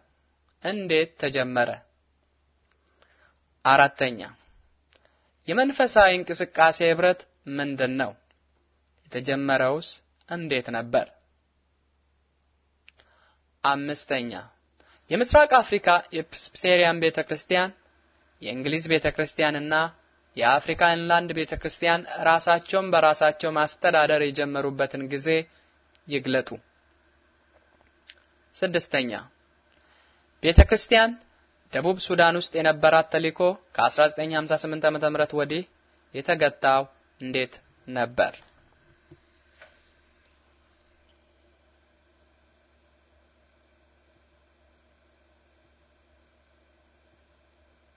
እንዴት ተጀመረ? አራተኛ የመንፈሳዊ እንቅስቃሴ ህብረት ምንድን ነው? የተጀመረውስ እንዴት ነበር? አምስተኛ የምስራቅ አፍሪካ የፕሬስቢቴሪያን ቤተክርስቲያን፣ የእንግሊዝ ቤተክርስቲያንና የአፍሪካ ኢንላንድ ቤተክርስቲያን ራሳቸውን በራሳቸው ማስተዳደር የጀመሩበትን ጊዜ ይግለጡ። ስድስተኛ ቤተ ክርስቲያን ደቡብ ሱዳን ውስጥ የነበራት ተልእኮ ከ1958 ዓ.ም ወዲህ የተገታው እንዴት ነበር?